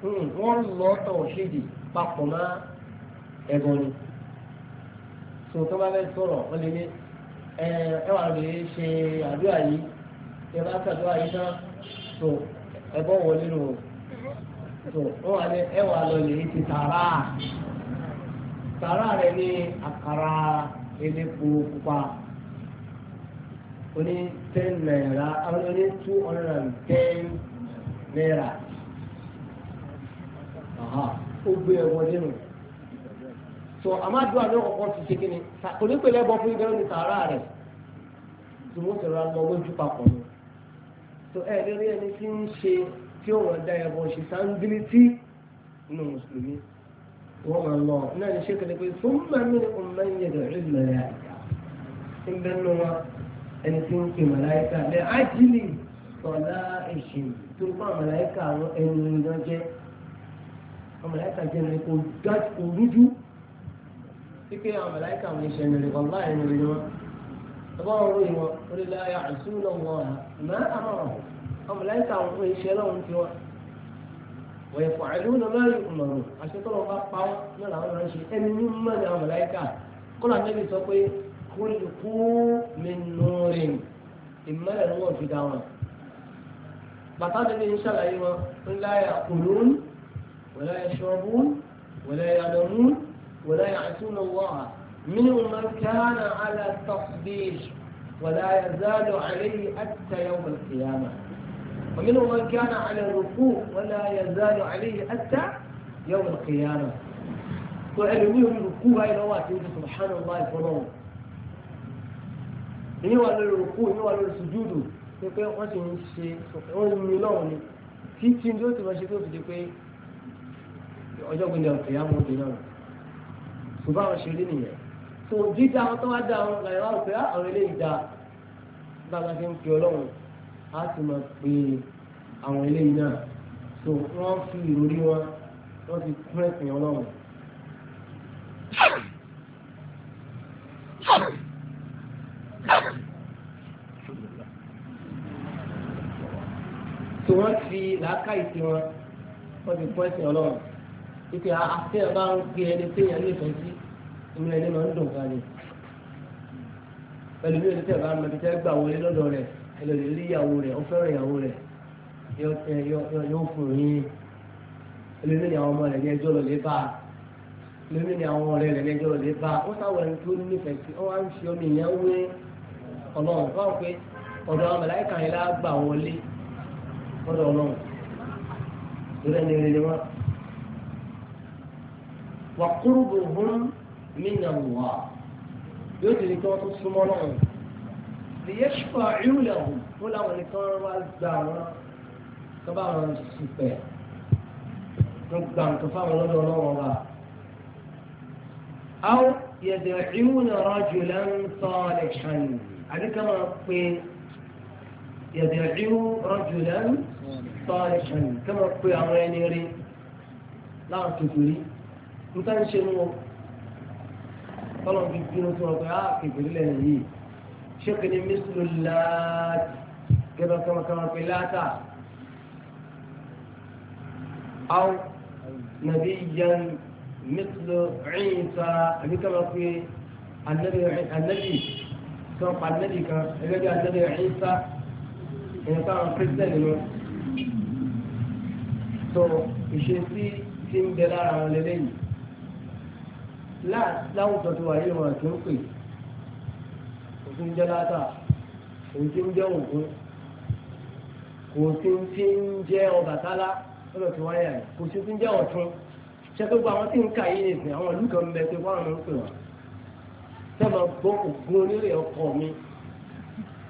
hmm, wọ́n lọ tọ̀wọ̀ ṣèdì papọ̀ mọ́ ẹbọn ni tó tó bá fẹ́ sọ̀rọ̀ wọ́n lè ní ẹ wà lè ṣe àdúrà yìí ẹ bá ṣàdúrà yìí tán tó ẹbọn wọlé nù tó wọ́n wà ní ẹ lọ lè ti tààrà tààrà rẹ ní àkàrà elépo pupa oní ten naira àwọn oní two hundred and ten naira ó gbé ẹwọ nínú so amadu àlọ kọkọ ti ṣe kí ni kò ní pèlè ẹbọ fún ibẹ ní sàárà rẹ tó mú sọ̀rọ̀ àlọ lójú papọ̀ ni so ẹ lórí ẹni tí ń ṣe tí ó wọn dá ẹbọ ṣe sáńdílítì nínú mùsùlùmí wọn máa ń lọ náà ní ṣe kẹlẹ pé fún mẹmí ọmọ ẹyẹ rẹ rí mẹrẹ ń bẹ nínú wọn ẹni tí ń pe màláìka lẹ ájílì ọ̀la èṣì tó fún àmàláìka àwọn ẹni ìran jẹ àmàláìka jẹ ẹni kò dájú kò rújú pípé àmàláìka àwọn ìṣẹ̀ ẹni rẹ̀ kọ̀ láì ẹni rẹ̀ wọn ẹgbẹ́ wọn ròyìn wọn orí láyà àìsùn náà wọn ọ̀la mẹ́ àmàwọn àmàláìka àwọn ìṣẹ̀ náà ń fi wọn wọ́n fọ àìlúwìn náà lórí ìmọ̀ràn àṣetọ́lọ́ bá pa ọ́ náà làwọn máa ń ṣe ẹni mímọ́ ni خلقوا من نور إما نور في دعوة بطاطا إن شاء الله أيوة لا يأكلون ولا يشربون ولا يعلمون ولا يعصون الله منهم من كان على التطبيش ولا يزال عليه حتى يوم القيامة ومنهم من كان على الركوع ولا يزال عليه حتى يوم القيامة وقالوا لهم الركوع إلى وقت سبحان الله فلوه èyí wà lórí òkú èyí wà lórí sùjúdù pé pé wọ́n ti ń ṣe wọ́n ń mi lọ́wọ́ ni títí ní ó ti máa ṣe tó fi di pé ọjọ́ gbẹ̀dẹ̀ ọ̀fẹ́ àmọ́ òde náà ṣùgbọ́n àwọn ṣe rí nìyẹn tó dídá àwọn tó wá dá àwọn làyẹ̀ wá pé ah, àwọn eléyìí dá bàbá ṣe ń pe ọlọ́run á sì máa pe àwọn eléyìí náà tó wọ́n fi ìròrí wọn wọ́n ti kún ẹ̀sìn ọlọ́run fi làákàyè sí wọn wọ́n ti kọ́ ẹ̀sìn ọlọ́run ike àti ẹ̀ bá ń gbé ẹni tí ẹni fẹ́ sí inú ẹni máa ń dùn ká ni pẹ̀lú bí ẹni tí ẹ̀ bá ń mẹ́tẹ́tẹ́ gbà wọlé lọ́dọ̀ rẹ̀ ẹlòmíì rí ìyàwó rẹ̀ ó fẹ́ràn ìyàwó rẹ̀ yóò fún yín ẹlòmíì ni àwọn ọmọ rẹ̀ ní ẹjọ́ lọ lé bá ẹlòmíì ni àwọn ọ̀rẹ́ rẹ̀ ní ẹjọ́ lọ lé bá ó sáwọ ẹni tó nífẹ̀ẹ́ sí ó wá ń fi ìyẹn wé ọlọ́run fáwọn pé ọ̀dọ̀ àwọn mẹ̀láìkà lọ́dọ̀ ọlọ́run ìrẹ́ ni rere wá. wà kúrúbù hún mí nà wà yóò ti di kí wọ́n tún súnmọ́ náà. lèyẹ ṣùpà ìrù lẹ́hùn fún làwọn nìkan wá gba àwọn tó bá wọn sùpẹ̀ tó gba nǹkan fáwọn lọ́dọ̀ ọlọ́run wa. àwọn yẹ̀dẹ̀ ìrù náà rọ́jò lẹ́nu tọ́ lẹ́kàn àbíkẹ́ wọn pé. يدعو رجلا صالحا كما قوي عمراني ري لا تقولي انت انشنو طلعوا في الدين وطلعوا في الدين هي شكني مثل اللات كما كما كما في اللاتا أو نبيا مثل عيسى كما في النبي النبي كما النبي كما النبي عيسى èèyàn táwọn christian ni wọn so ìṣesí tí ń bẹ lára wọn lélẹ́yìn láwùjọ tó wà yìí wọn àti ń pè òsì ń jẹ́ látà òsì ń jẹ́ ògún kò sí ti ń jẹ́ Ọbàtálá lọ́dọ̀ tí wọ́n yà yìí kò ń jẹ́ Ọ̀tún ṣe pé gbogbo àwọn tí ń kà yìí nìsín àwọn ìlú kan bẹ pé wọ́n ń pè wọ́n sẹ́mi gbọ́ ògún onírè ọkọ mi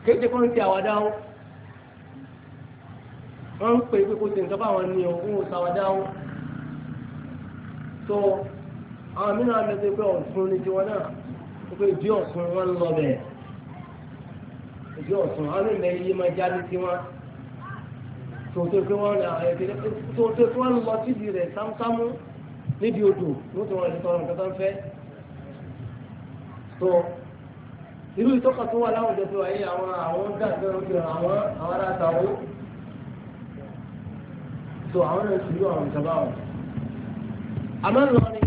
kéde kó ń ti àwàdà ó wọ́n ń pè é pé kó ṣe nǹkan báwọn ní òun ò sáwádà ó tó àwọn mìíràn mẹ́tẹ́ pé ọ̀sùn ní tiwọn náà wọ́n pé ìdí ọ̀sùn wọn ń lọ bẹ̀ẹ́ ìdí ọ̀sùn àwọn ìmọ̀ iye máa já ní tiwọn tó tó pé wọ́n lọ síbi rẹ̀ sámúsámú níbi odò wọ́n ti wọ́n lè tọrọ nǹkan tó ń fẹ́ tó irú ìtọ́ka tó wà láwùjọ wáyé àwọn àwọn dàgbẹ́ ojú àwọn tó àwọn náà ti yọ àwọn ìjọba wọn. àmọ́ ńlọrin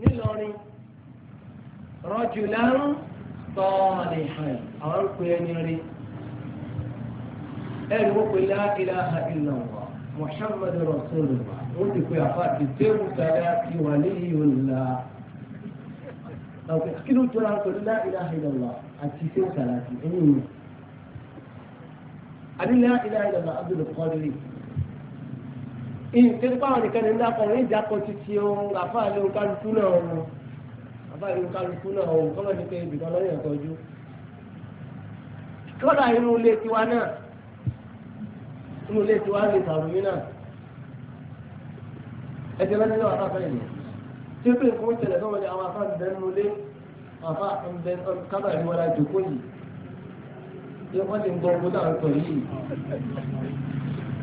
nílọrin rọ́jò lẹ́rún tọ́ọ̀lì hàn àwọn ń pè é ní rí. ẹ̀rí wọ́n pè lá ilaha illallah muhammadu rasulullah wọ́n ti pè àfa ti déwù sáré àti wà níyìnlá. kí ló jọra pẹ̀lú lá ilaha illallah àti déwù sáré àti ẹ̀yìn mi. àbí lá ilaha illallah abdul qadir. ìṣèlú pàwọn nìkan ní ń dákọ̀ ní ìjákọ̀ títí ohun àfáàlẹ́ òkàlùkù náà ọ̀hún àfáàlẹ́ òkàlùkù náà ọ̀hún kọ́mọ̀ ní pé ibìkan lọ́yìn ọ̀tọ́jú. kọ́dà inú ilé tiwa náà inú ilé tiwa ní ìtàrùmí náà ẹ̀jẹ̀ lọ́dún náà àfáà fẹ́ẹ̀ yìí tí ó pè fún ìṣẹ̀lẹ̀ tó wọlé àwọn afáà bẹ́ẹ̀ nínú ilé àfáà bẹ́ẹ̀ kábà ìwọlá jòkó yìí yẹ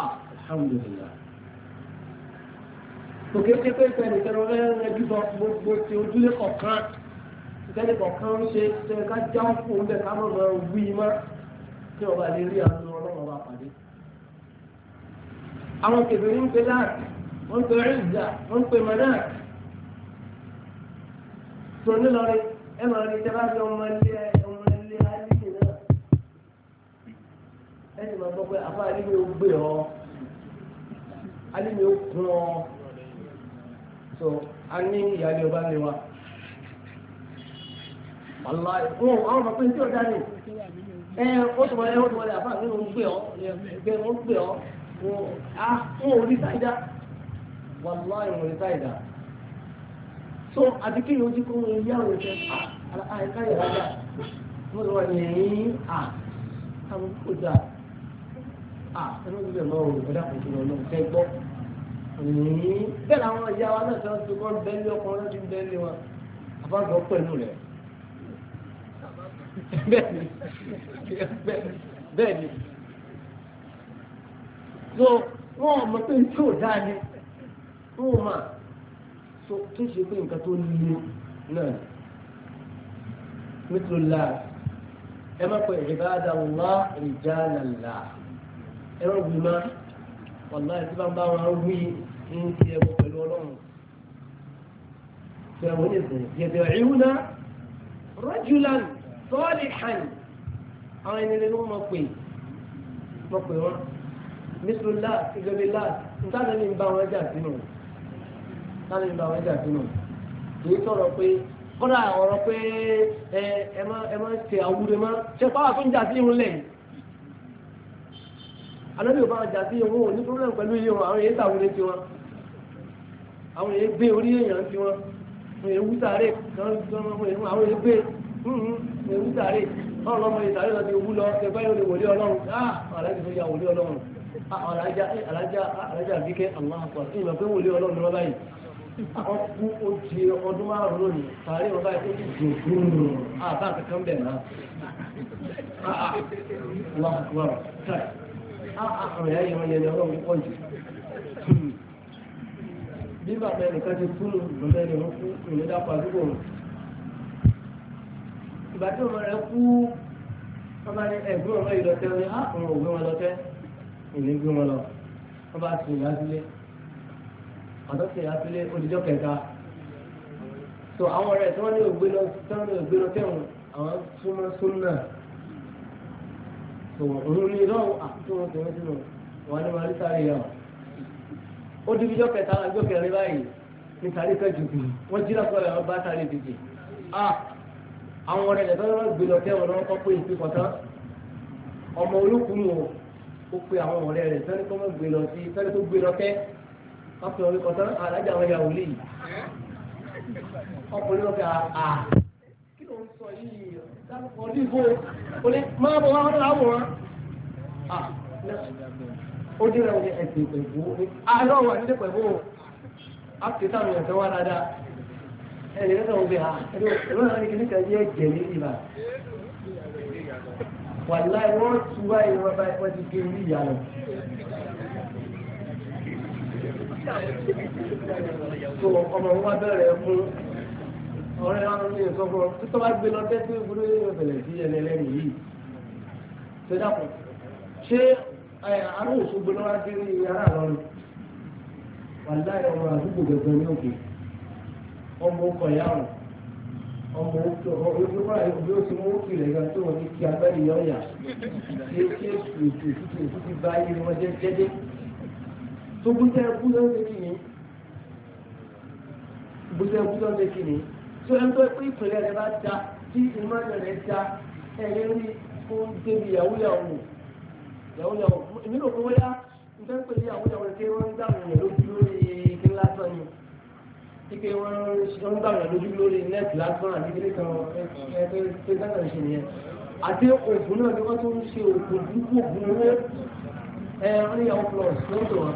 alhamdulillah òkè pépé ìfẹ́ni tẹ́lọ rẹ́rẹ́ jùlọ gbogbo ti ojúlé kọ̀ọ̀kan ìfẹ́ni kọ̀ọ̀kan ń ṣe tẹ́lẹ̀ ká já fún un bẹ́ẹ̀ ká mọ̀ mọ́ wí mọ́ tí ọba lè rí àánú ọlọ́run ọba pàdé. àwọn kèbèrè ń pe láàkì wọ́n ń pe ríjà wọ́n ń pe mọ́nà. tó nílọrin ẹ rí tẹ́lá bí ọmọ ilé ẹ ẹni máa gbọ́ pé àbá alími ó gbé ọ alími ó kún ọ so a ní ìyáálé ọba lè wa wàlá wọn àwọn ọmọ pé ní tí ọjà ni ẹ ó tún wọlé ó tún wọlé àbá alími ó gbé ọ ẹgbẹ ó gbé ọ wọn ò rí sáyidá wàlá ìwọ̀n rí sáyidá so àti kí ni ojú kó wọn yá òun ṣe àìká ìrajà wọn lọ ní à àwọn kò dáa ẹnu ìlú náà wò ó dàpọ̀ jùlọ náà fẹ́ gbọ́. bẹ́ẹ̀ làwọn ìyá wa náà sọ pé wọ́n bẹ́ẹ̀ lé ọkùnrin náà ti bẹ́ẹ̀ lé pẹ̀lú rẹ̀. bẹ́ẹ̀ ni so wọn ò so kí n ṣe pé nǹkan tó le náà nítorí láà ẹ má pẹ ìbáradà wà ìjà nàlá ẹ̀rọ wì má wàlá ẹ̀ tí bá ń bá wọn wí ń ti ẹ̀bọ pẹ̀lú ọlọ́run tí àwọn oníṣẹ́ yẹ̀dẹ̀ ìwúná rajulan salihan àwọn ẹni rẹ̀ ni wọ́n máa pè wọ́n pè wọ́n nítorí láà ìjọba láà nítorí ní bá wọn jà sínú nítorí ní bá wọn jà sínú kìí sọ̀rọ̀ pé kọ́dà ọ̀rọ̀ pé ẹ ẹ má ṣe àwúre má ṣe pàwọ́ tó ń jà sí ìhun lẹ́yìn alẹ́ yóò bá wọn jà sí wọn ò ní problem pẹ̀lú iye wọn àwọn èyí sàwúrẹ́ ti wọn àwọn èyí gbé orí èèyàn ti wọn wọn èyí wú sáré àwọn èyí gbé hmm, hmm, wọn èyí wú sáré wọn lọ́mọ èyí sáré lọ́ti wú lọ ẹgbẹ́ yóò lè wòlé ọlọ́run ah alájà tó ya wòlé ọlọ́run alájà alájà alájà bíkẹ́ àwọn àpò àti ìmọ̀ pé wòlé ọlọ́run lọ́ba yìí wọ́n kú oṣù ọdún márùn-ún lónìí sáré wọn báyìí tó ti dùn fún un àbá ah, kankan bẹ̀ náà ọ̀rẹ́ ayé wọn yẹn ọlọ́run pọ̀ jù bí bàbá ẹnìkan ti kú lọ́mọ ẹni wọn kú ìlú dápọ̀ àdúgbò wọn ìgbà tí ọmọ rẹ kú wọn bá ní ẹgbẹ́ ọmọ yìí lọ́tẹ́ wọn á ah, ọmọ òwe wọn lọ́tẹ́ ìní gbé wọn lọ wọn bá ti ìyá sílé ọ̀dọ́ ti ìyá sílé olùjọ́ kẹta so àwọn ọ̀rẹ́ tí wọ́n ní ògbé lọ tẹ́wọ̀n àwọn súnmọ́ súnmọ́ òun ni ni wọn sáré yà ó dúbí jọ kẹta ọjọ́ kẹrin báyìí ní sáré kẹjù bì wọn jíra kọlẹ wọn bá sáré dìde àwọn ọ̀rẹ́ rẹ̀ tọ́lọ́ gbé lọ tẹ́wọ̀n náà kọ́ pé ìpín kọ̀tán ọmọ olókùnrin o ó pe àwọn ọ̀rẹ́ rẹ̀ sẹ́ni tó gbé lọ sí sẹ́ni tó gbé lọ tẹ́ wọ́n pe ọ̀rẹ́ kọ̀tán alájà wọn ọkùnrin wọn kà máa bọ̀ wọn láwòrán ó dé ra ẹ̀sìn ìpẹ̀bú àlọ́ wà nílé pẹ̀bú á ti táwọn ẹ̀sẹ̀ wá dáadáa ẹ̀rẹ̀ lẹ́sẹ̀ òun bẹ̀ ha ẹ̀rọ náà ní kí níta yẹ ẹ̀jẹ̀ ní ìlà wà láì wọ́n tú báyìí wọ́n bá ẹ̀kọ́ ti gé orí ìyá lọ. tó ọmọ wọn bẹ̀rẹ̀ fún ọ̀rẹ́ wa ló lè sọ fún ọ tó tó bá gbé lọ tẹ́tí ìgbúrú ìbẹ̀lẹ̀ sí ẹni ẹlẹ́ni yìí ṣe dàpọ̀ ṣé ará òṣogbo náà wá sí ará àlọ́run wàlá ọmọ àdúgbò gẹ̀gẹ̀ ní òkè ọmọ ọkọ̀ ìyá wọn ọmọ ìgbìmọ̀ ìgbìmọ̀ tí wọ́n kì rẹ̀ gan tó wọ́n ti kí abẹ́rẹ́ ìyá ọ̀yà ṣé ṣé ètò ìtútù ìtútù bá yé wọn jẹ́ jẹ́dẹ́ tó bú tẹ́ bú lọ́sẹ̀ kìíní bú tẹ́ bú lọ́sẹ̀ kìíní tó ń pẹ́ pé ìpìlẹ̀ rẹ̀ bá da tí ìmọ̀lẹ̀ rẹ̀ da ẹ̀rẹ́ rí fún débi yàwúyàwó yàwúyàwó èmi ló fún wáyà nǹkan pè ní yàwúyàwó kí wọ́n ń dáhùn yẹn lójú lórí kí lásán ni kíkẹ́ wọ́n ń dáhùn yẹn lójú lórí nẹ́ẹ̀tì lásán àti kíkẹ́ kan ẹgbẹ́ pé dáhùn yẹn ṣe nìyẹn àti òògùn náà ni wọ́n tún ń ṣe òògùn burúkú òògùn owó ẹ wọ́n ní yàwó plus lọ́dọ̀ wọn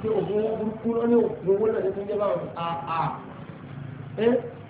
ṣe òògùn burúkú lọ́ ní owó náà tó ń jẹ́ báwọn àà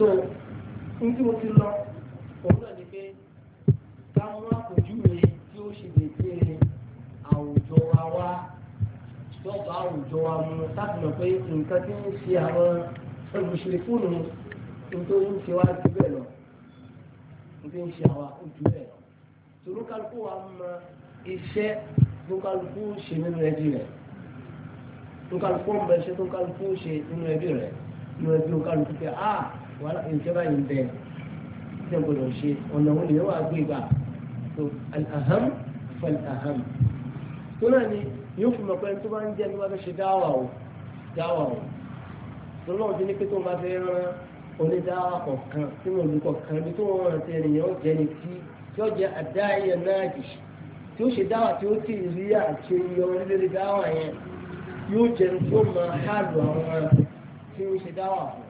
so n tí mo ti lọ òun náà ni pé káwọn àpèjúwe tí ó ṣe lè dé àwùjọ wa wá lọ́pọ̀ àwùjọ wa mu láti mọ̀ pé nǹkan tí ń ṣe àwọn olùṣèlú fóònù nítorí ń ṣe wá ju bẹ́ẹ̀ lọ nítorí ń ṣe àwa ojú bẹ́ẹ̀ lọ torí kálukú wa mọ iṣẹ́ tó kálukú ṣe nínú ẹbí rẹ̀ tó kálukú mọ iṣẹ́ tó kálukú ṣe nínú ẹbí rẹ̀ nínú ẹbí tó fẹ́ ah wàhálà ìjọba yìí ń bẹ ṣe gbọ́dọ̀ ṣe ọ̀nà òun lè wà gbé gbà tó alaham falaham tó náà ni yóò fún mi pé tó bá ń jẹ́ ní wàá fẹ́ ṣe dáwà o dáwà o tó lọ́wọ́ ti ní pé tó ń bá fẹ́ rán onídáwà kọ̀ọ̀kan tí mo lù kọ̀ọ̀kan ibi tó wọ́n rántí ènìyàn ó jẹ́ ni tí tí ó jẹ́ àdáyé náà jì tí ó ṣe dáwà tí ó ti rí àṣeyọ orílẹ̀-èdè dáwà yẹn yóò jẹ́ ní tí ó máa hàlù àwọn tí ó ṣe dáwà fún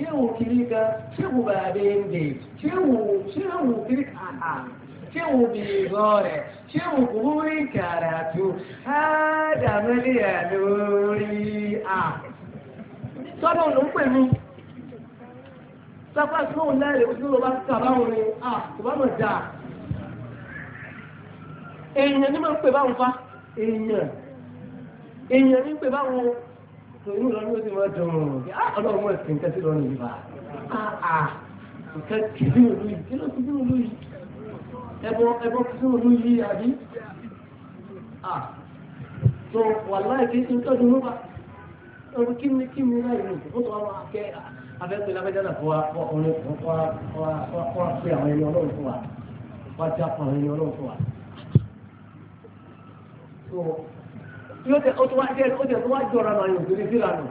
shehu kiriga shehu babende shehu shehu kiriga a'a shehu bigore shehu gurin karatu ha da maliya lórí a sọ́dọ̀ ló ń pè mí sápá tí wọ́n lẹ́rìí ojú ló bá kà báwọn ni a kò bá mọ̀ dáa èèyàn ní máa ń pè báwọn fa èèyàn èèyàn ní pè báwọn tó inú lọ́dún ó sì máa dùn ún ah, ọlọ́run mọ̀ sí nǹkan ah, ah, sí lọ́nà ìgbà nǹkan kí sínú ìlú yìí kí ló kí sínú ìlú yìí ẹbọ ẹbọ kí sínú ìlú yìí àbí tó wà láì kí n tọ́jú mú bá ọdún kí ni kí ni láì lò ó yóò tẹ ó tó wá jẹ́ ó tẹ̀ tó wá jọra náà yóò gbélé síra nù.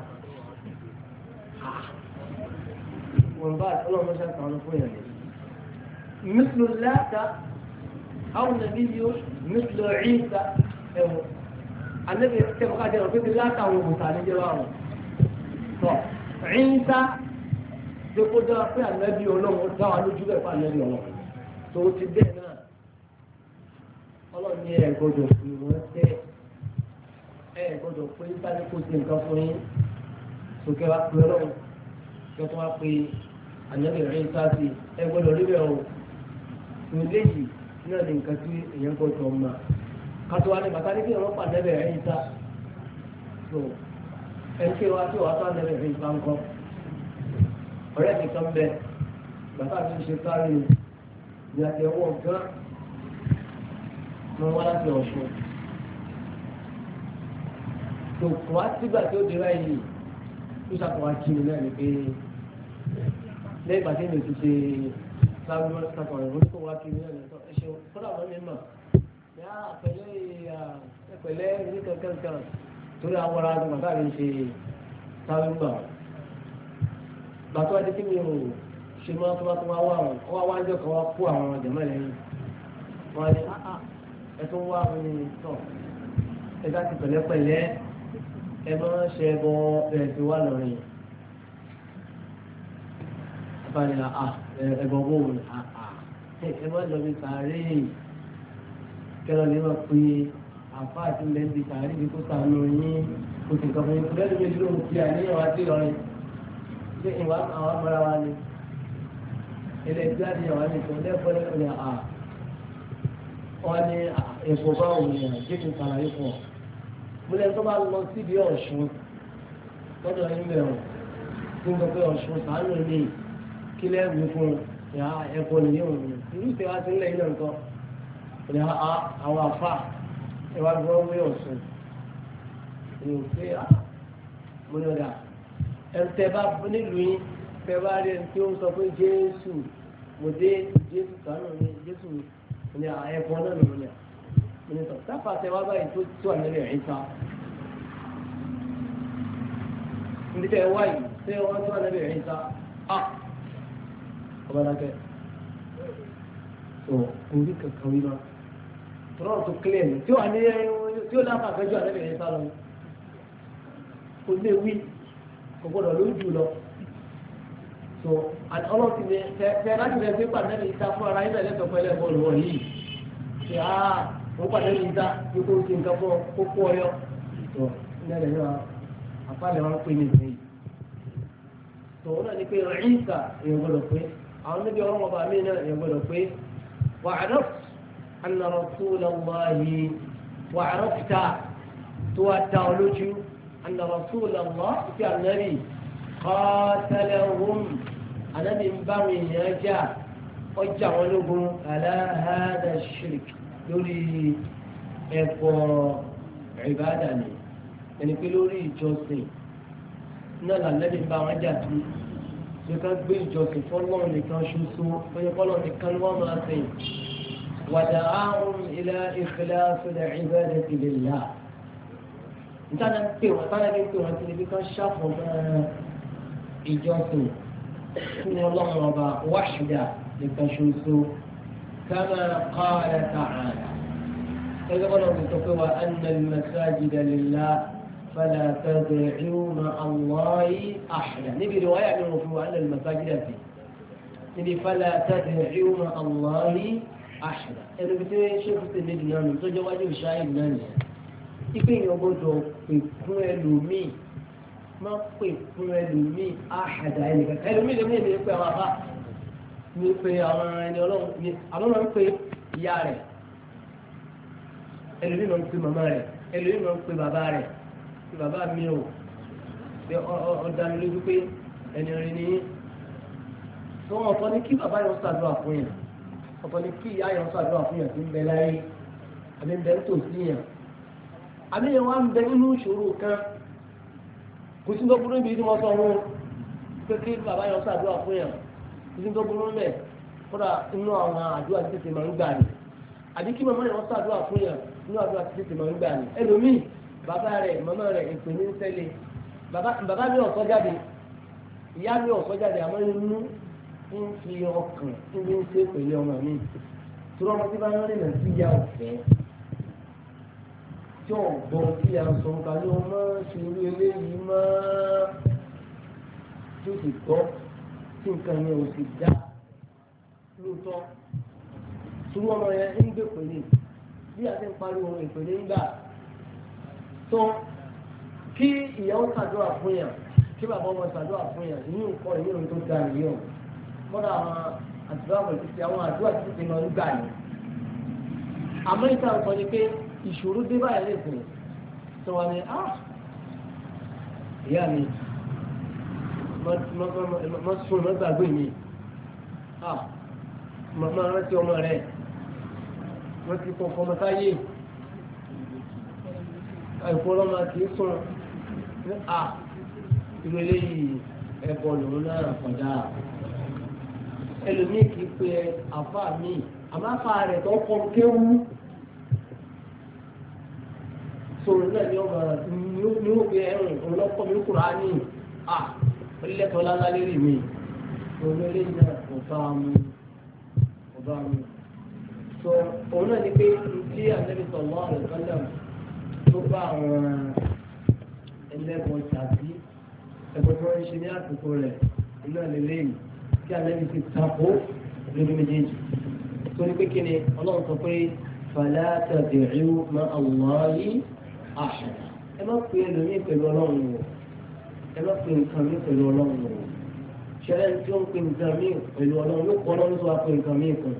Yorùbá ah. ọlọ́run ṣe ń sàánú fún yẹn. Mísìlú láta, àwọn nàbí yóò mísìlú ìta ẹ̀wọ̀n. Àlébè tẹ̀wọ́ ká jẹ́ òfin láta àwọn òbòtà ní jẹ́ wàhùn. Tọ́ ìta ṣe kó dára pé ànábì ọlọ́run dá wa lójú bẹ́ẹ̀ fún ànábì ọlọ́run. Tó ti bẹ́ẹ̀ náà, ọlọ́run ní ẹ̀gbọ́dọ̀ fi wọ́n tẹ́ ẹ̀ ẹ gbọ́dọ̀ pé sáré kó sí nǹkan fún yín sókè wá pé ọlọ́run kí wọ́n wá pé ànábì rẹ̀ sáàsì ẹ gbọ́dọ̀ rí bẹ́ẹ̀ o tó léyìí náà ní nǹkan tí èèyàn gbọ́dọ̀ mọ̀ kátó wá ní bàtà ní kí wọ́n pa ànábì rẹ̀ yín sá tó ẹ ń ké wá tí wàá tó ànábì rẹ̀ yín sá ń kọ́ ọ̀rẹ́ mi kan bẹ bàtà mi ń ṣe kárí ìyàtẹ̀wọ̀ gan-an mo wá láti ọ̀ṣun tó kọ́ á sígbà tó dé báyìí tó ṣàkóso akíni náà ni pé lẹ́yìn ìgbà tí mi ti ṣe láwùjọ ṣàkóso ìwé tó wá kíni náà nìkan ẹ ṣeun kọ́dà wọ́n mi mọ̀ yá ah, pẹ̀lẹ́ ah, pẹ̀lẹ́ ní kankan kan torí àwọn ará àgbọ̀n táà ń ṣe sáwùgbà bàtọ́ àti kí mi ò ṣe máa tó bá tó wá wọn wá wá ń jẹ́ wá kó àwọn jẹ̀mọ́ lẹ́yìn wọn ni ah, ẹ tó wá wọn ni tọ̀ ẹ dá ti pẹ̀lẹ́pẹ̀lẹ́ ẹ máa ṣe ẹbọ ẹ ti wà lórí abalẹ̀ ẹbọ wò ní àpá ẹ máa lọ bí sàárè kẹlọ lè máa pe àpá àti lẹ́bi sàárè bí kò sàánú yín kò sì kàn fún yín lẹ́nu mi ló ń fi àníyàn wá sí ìrọ̀rìn ṣé ìwà àwọn amọ̀ra wa ni ẹlẹ́gbẹ́ àníyàn wá ní ìtọ́lẹ́ fọ́lẹ́ fọ́lẹ́ à wọ́n ní ẹ̀fọ́ ah, báwo ni àjẹkùn kàlàyé fún ọ múlẹ̀ tó bá lọ síbi ọ̀ṣun lọ́dọ̀ yín bẹ̀rù tí ń sọ pé ọ̀ṣun sàánù ní kílẹ̀ ẹ̀gbẹ́ fún ìyá ẹ̀kọ́ nìyí òun ìlú ìtẹ̀wá ti ń lẹ̀ yín nǹkan ìyá àwọn àfà ẹ̀wá gbọ́ wí ọ̀ṣun ìyó pé à ah, mo ní ọ̀dà ẹ̀ǹtẹ̀ bá nílùú yín fẹ́ bá rí ẹni tí ó ń sọ pé jésù mo dé jésù sàánù ní jésù ah, ní ẹ̀kọ́ náà nìyí onítọ̀ sáfà tẹwàá báyìí tó tó àmẹ́lẹ̀ rẹ̀ sá ní tẹwàá yìí tẹwàá tó àmẹ́lẹ̀ rẹ̀ sá á ọba dákẹ́ tó orí kankan wí lọ tọ́lá tó kílẹ̀ ní tí ó àmẹ́lẹ̀ tí ó láǹfà fẹ́jọ́ àmẹ́lẹ̀ rẹ̀ sá lọ kò so and ọlọ́run ti ní fẹ́ láti rẹ̀ pé pàdánù ìta fún ara yín lẹ́lẹ́tọ̀ pẹ́lẹ́ bọ́ọ̀lù wọ̀nyí ṣe á ó pàdé ní ìta bí kò ti nǹkan fọ́ kó kó ọyọ́ tó ní ẹ̀rẹ̀ yóò àpáàlẹ̀ wọn pè ní ìlú yìí tó ó náà ní pé rìísà èèyàn gbọdọ̀ pé àwọn níbi ọ̀rọ̀ ọba mi náà èèyàn gbọdọ̀ pé wà á rọ́pù anna rasulallahi wà á rọ́pù ta tó wá da ọ lójú anna rasulallah ti ànábì qatalahum ànábì ń bá wọn èèyàn já ọjà wọn lógun ala hada shirk lórí ẹ̀kọ́ ìbáàdà ni ẹni pé lórí ìjọsìn náà làlẹ́bí bá wọn jà sí ṣe ká gbé ìjọsìn fọlọ́run nìkan ṣoṣo fọyín fọlọ́run nìkan ló wà máa sìn wàdà áhùn ilá ìfẹ́lẹ́ àfẹ́lẹ́ ìbáàdà ti lè là nítaná pé wọn táná ní pé wọn ti lè fi kán ṣàfọ̀mọ́ ìjọsìn fún ọlọ́run ọba wáṣídà nìkan ṣoṣo kama qala ta'ala gẹ́gẹ́ bọ́lá mi sọ pé wa anna al-masajida lillah fala tad'u ma'a Allahi ahada níbi ìdí wáyà mi rò fún wa anna al-masajida fi níbi fala tad'u ma'a Allahi ahada ẹnu bí tí wọ́n ṣe fún tèmi dùn náà tó jẹ́ wájú ìṣáyé náà nìyẹn ipe èèyàn gbọ́dọ̀ pè ẹlòmíì má pè ẹlòmíì àhàdà ẹnìkan ẹlòmíì lè mí èmi ẹlòmíì máa ń pe màmá rẹ̀ ẹlòmíì máa ń pe bàbá rẹ̀ pé bàbá mi ò pé ọ̀dánilójú pé ẹni rìn ní tí wọ́n ọ̀tọ̀ ní kí bàbá yẹn ṣàdúrà fún yẹn ọ̀tọ̀ ní kí ìyá yẹn ṣàdúrà fún yẹn tí ń bẹ láyé àbí ń bẹ nítòsí yẹn àbí yẹn wá ń bẹ nínú ìṣòro kan kò sí lọ́gbọ́n níbi tí wọ́n sọ wọn pé kí bàbá yẹn ṣàdúrà fún yẹn kò sí lọ́gbọ́n níbẹ̀ kódà inú àwọn àdúrà tètè máa ń gbà ní àbí kí màmá yẹn ṣàdúrà fún yẹn inú àdúrà ti tètè máa ń gbà ní ẹlòmíì bàbá rẹ̀ màmá rẹ̀ èpè ní ṣẹlẹ̀ bàbá mi ọ̀sọ́ jáde ìyá mi ọ̀sọ́ jáde àmọ́ inú ń fi ọkàn ń fi ń ṣe pẹ̀lú ọmọ mi tọ́lọ́ ọmọ tí bá ń rìn náà sí ìyá ọ̀fẹ́ tí ọ̀gbọ́n tí a sọ nípa ló máa ń ṣe irú eléyìí máa tó sì gbọ́ tí nǹkan yẹn ò sì dá lóòótọ́ tọ́lọ́ ọmọ yẹn ń gbé pẹ̀lú ìtọ́ bí a ti ń parí ohun ìpèlè ńgbà tó kí ìyàwó ṣàdúrà fún yàn kí bàbá ọmọ ṣàdúrà fún yàn ní nǹkan ìyẹn ohun tó da nìyí o kọ́dà àwọn àdúrà wọ̀ títí àwọn àdúrà títí ti máa ń gbà ní. àmọ́ ìta nǹkan ni pé ìṣòro dé báyìí lè sìn tó wà ní á ah, ìyá mi mọ́ sún mọ́ gbàgbé mi ah, máa rántí ọmọ rẹ̀ wọ́n ti kọ́ fọmọtáyé àìfọlọ́mọ kì í sùn ní à ìrẹ̀lẹ̀ yìí ẹ̀bọ̀ lòun náà kọjá ẹlòmíì kì í pe àfa mi àmọ́ àfa rẹ̀ tó kọ́ kéwú sọ̀rọ̀ náà ni ọba ni ó gbé ẹrùn ọlọ́pọ̀ mi kúrò á ní à ọlẹ́tọ̀ọ́lá lálẹ́ rè mi òun eléyìí náà ọba mi ọba mi òun náà ni pé tí ànábì sallallahu alaihi wasallam tó bá àwọn ẹlẹ́bọn tàbí ẹ̀bọ̀n tó ń ṣe ní àsìkò rẹ̀ iná lélẹ́yìn tí ànábì ti tako lórí méjèèjì tó ní pé kí ni ọlọ́run sọ pé fala tad'u ma'a Allahi ahada ẹ má pe ẹlòmíì pẹ̀lú ọlọ́run wò ẹ má pe nǹkan mi pẹ̀lú ọlọ́run wò ṣẹlẹ̀ tí ó ń pe nǹkan mi pẹ̀lú ọlọ́run ló kọ́ ọlọ́run tó wá pe nǹkan mi kan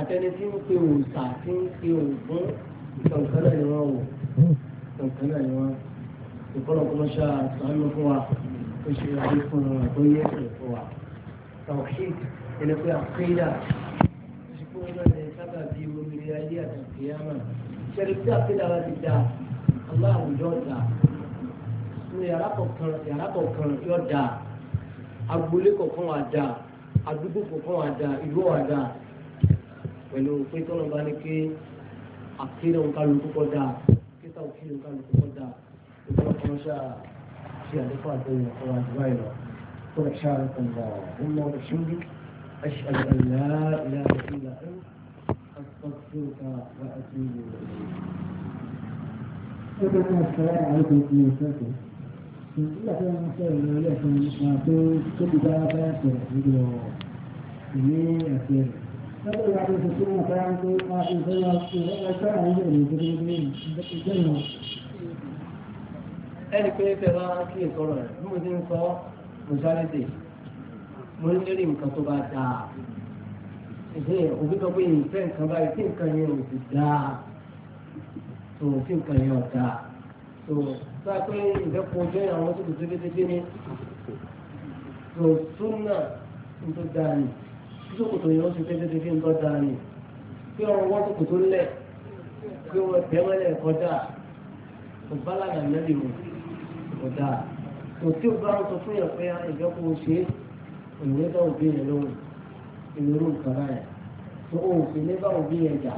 àtẹni tí ń pe òòṣà tí ń pe òògùn ìtọ̀nkan náà ni wọ́n wò ìtọ̀nkan náà ni wọ́n ìkọlọ̀ kọ́ ṣá àánú fún wa ó ṣe àdé fún wa tó yẹ ẹ̀sìn fún wa. tawhid ẹni pé àkéyà ìṣùkú náà ni sábà bí oríire ayé àti ìyáma ṣẹlẹ̀ tí àkéyà wa ti da aláwùjọ da ní yàrá kọ̀ọ̀kan yọ̀ da agboolé kọ̀ọ̀kan wa da àdúgbò kọ̀ọ̀kan wa da ìlú wa da pẹ̀lú pé tọ́nà bá ní pé àkílẹ̀ òǹkàlùkù kọ́ dáa kíkà òkìlẹ̀ òǹkàlùkù kọ́ dáa ìjọba kan ṣáà ṣe àdékọ́ àtẹ̀yìn ọ̀rọ̀ àdúrà ìlọ tó rẹ̀ ṣáà rẹ̀ kàn lọ ó mọ ọ̀rọ̀ ṣúndú أشهد أن لا إله إلا أنت أستغفرك وأتوب إليك. السلام عليكم ورحمة الله وبركاته. nígbà tí wọ́n sọ ìrìn ilé ẹ̀sìn nípa tó tóbi bá bá sọ̀rọ̀ saboda ya rufe suna kayan ko a izina su ya kana yi da yanzu ne da idan ẹni pé fẹ́ bá kí èso rẹ̀ bí mo ti ń sọ mo sáré dè mo ń lérí nǹkan tó bá dáa ẹ̀sìn òbí sọ pé ìfẹ́ nǹkan báyìí tí nǹkan yẹn ò sì dáa tó tí nǹkan yẹn ò dáa tó sọ pé ìdẹ́kun ojú ẹ̀yàn tó kù tó dédé dé ní tó súnà tó dáa nìyí sókòtò yẹn ó ti tẹ́tẹ́ tẹ́tẹ́ ń tọ́ta ni kí wọ́n wọ́n sókòtò lẹ̀ kí wọ́n tẹ́wọ́lẹ̀ kọjá kò bá láyà mẹ́rin mu kọjá kò tí o bá ń sọ fún yàn pé ìjọ kò ṣe ìwé bá òbí yẹn lóhùn ìlú nǹkan náà tó o sì ní bá òbí yẹn jà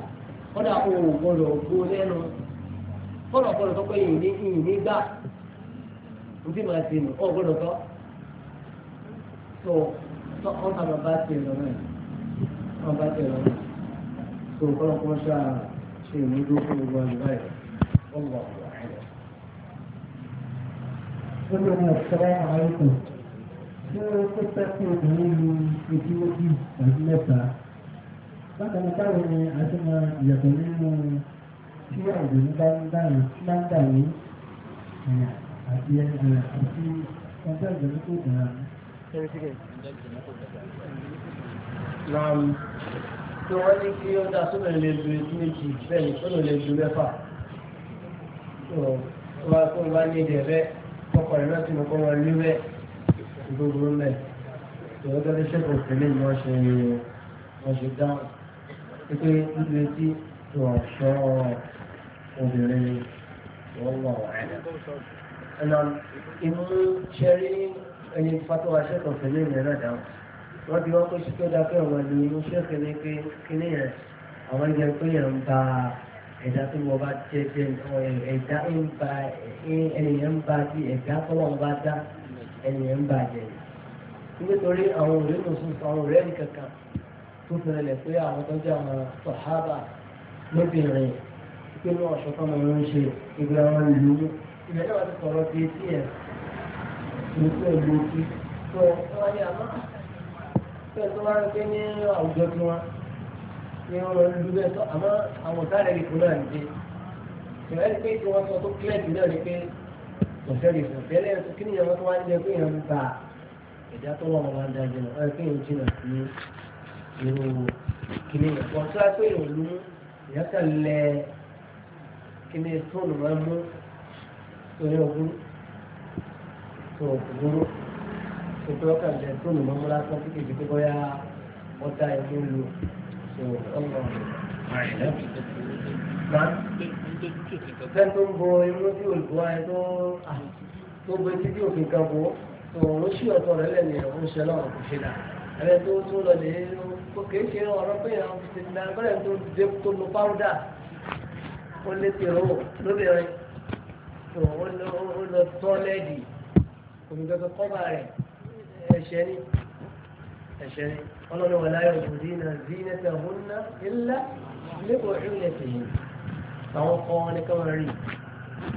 kọ́dà o gbọ́dọ̀ gbó lẹ́nu kọ́dà gbọ́dọ̀ tó pé ìní ìní gbà ń bí màá ti nù ọ̀ gbọ́dọ̀ tọ́ tó ọ̀tá bàbá ti rọ̀ náà wọn bá tẹ̀ lọ́nà tó kọ́ kọ́ ṣáà ṣe ìmúdó fún gbogbo àgbà yìí wọ́n wà wà áyà. ó lè mú ọ̀sẹ̀ àìkú tí ó tó fẹ́ kí obìnrin lu ojú ojú tàbí mẹ́ta bákan náà báwo ni a ti máa yàtọ̀ nínú tí àgbẹ̀mí bá ń dàrú bá ń dàrú àti àti ọjọ́ ìgbẹ̀mí tó dára náà tí wọ́n ní kí ó dá sóbẹ̀ lè lu etí méjì bẹ́ẹ̀ ni ó lè lu mẹ́fà tó wá tó bá ní ìdẹ̀ rẹ kọ́kọ́ rẹ̀ láti mọ̀kọ́ wọn lé rẹ̀ gbogbo mẹ́ tó wọ́n tẹ́lẹ̀ ṣẹ́kọ̀ òkèlè ni wọ́n ṣe ní wọ́n ṣe dá pípé lu etí tó ọ̀ṣọ́ obìnrin ni wọ́n wà wáyé. ẹnà ìmú ṣẹ́rí ẹni fatọ́wà ṣẹ́kọ̀ òkèlè rẹ̀ náà dáhùn wọ́n ti wọ́n pé sí tó dákẹ́ ọ̀wọ́ ni inú ṣẹ́ẹ̀kì ní pé kíní yẹn àwọn jẹ pé yẹn ń ba ẹ̀dá tó wọ́n bá jẹ jẹ ẹ̀dá ń ba ẹnìyẹn ń ba bí ẹ̀dá tó wọ́n bá dá ẹnìyẹn ń ba jẹ. nítorí àwọn òré tuntun àwọn òré kankan tó fẹ́rẹ̀ lẹ̀ pé àwọn tó jẹ́ àwọn sọ̀hábà lóbìnrin pé wọ́n ọ̀ṣọ́ kan mọ̀ ń ṣe ìgbà wọn lù ú ìgbà náà ti sọ̀rọ̀ bíi etí ẹ̀ ní pé ìlú ti sọ ọ́ bẹ́ẹ̀ tó máa ń gbé ní àwùjọ tí wọ́n ní wọ́n lọ ní dúdú ẹ̀tọ́ àmọ́ àwọn ọ̀tá rẹ̀ kò náà dé ìwà ẹni pé kí wọ́n sọ tó clear jù náà ni pé kò sẹ́lẹ̀ fún tẹ́lẹ̀ ẹ̀sùn kí nìyẹn wọ́n tó wáá ń jẹ pé jìnà ní irú kìnìún ẹ̀kọ́ tó wá pé èèyàn lú ìyáka máa mú torí ọgbọ́n tó ọgbọ́n tuntun ọkàn jẹ fóònù mọ́mọ́ lásán tí kejì pé bóyá wọ́n dá ẹ tó lu fẹ́ẹ́ tó ń bọ irun tí olùkọ́ ẹ tó tó gbé títí kan bọ́ tó ló ṣì ọ̀tọ̀ rẹ̀ lẹ́nu ẹ̀rọ ń ṣe lọ́rùn kò ṣe dà ẹ̀rẹ tó tó lọ lè ó kèé ṣe ọ̀rọ̀ pé ìyàwó ti ti dáa bẹ́ẹ̀ tó dé tó lu páwùdà ó lé tèrò lóbìnrin tó ó lọ tọ́lẹ́ẹ̀dì òmìnira kọ́ba rẹ̀ ẹ̀ṣẹ̀ ni ẹ̀ṣẹ̀ ni ọlọ́run wà láyọ̀ òbí náà zinata hunna illa lẹ́kọ̀ọ́ ìrìnlẹ̀ tèyí àwọn ọkọ wọn ni káwọn rí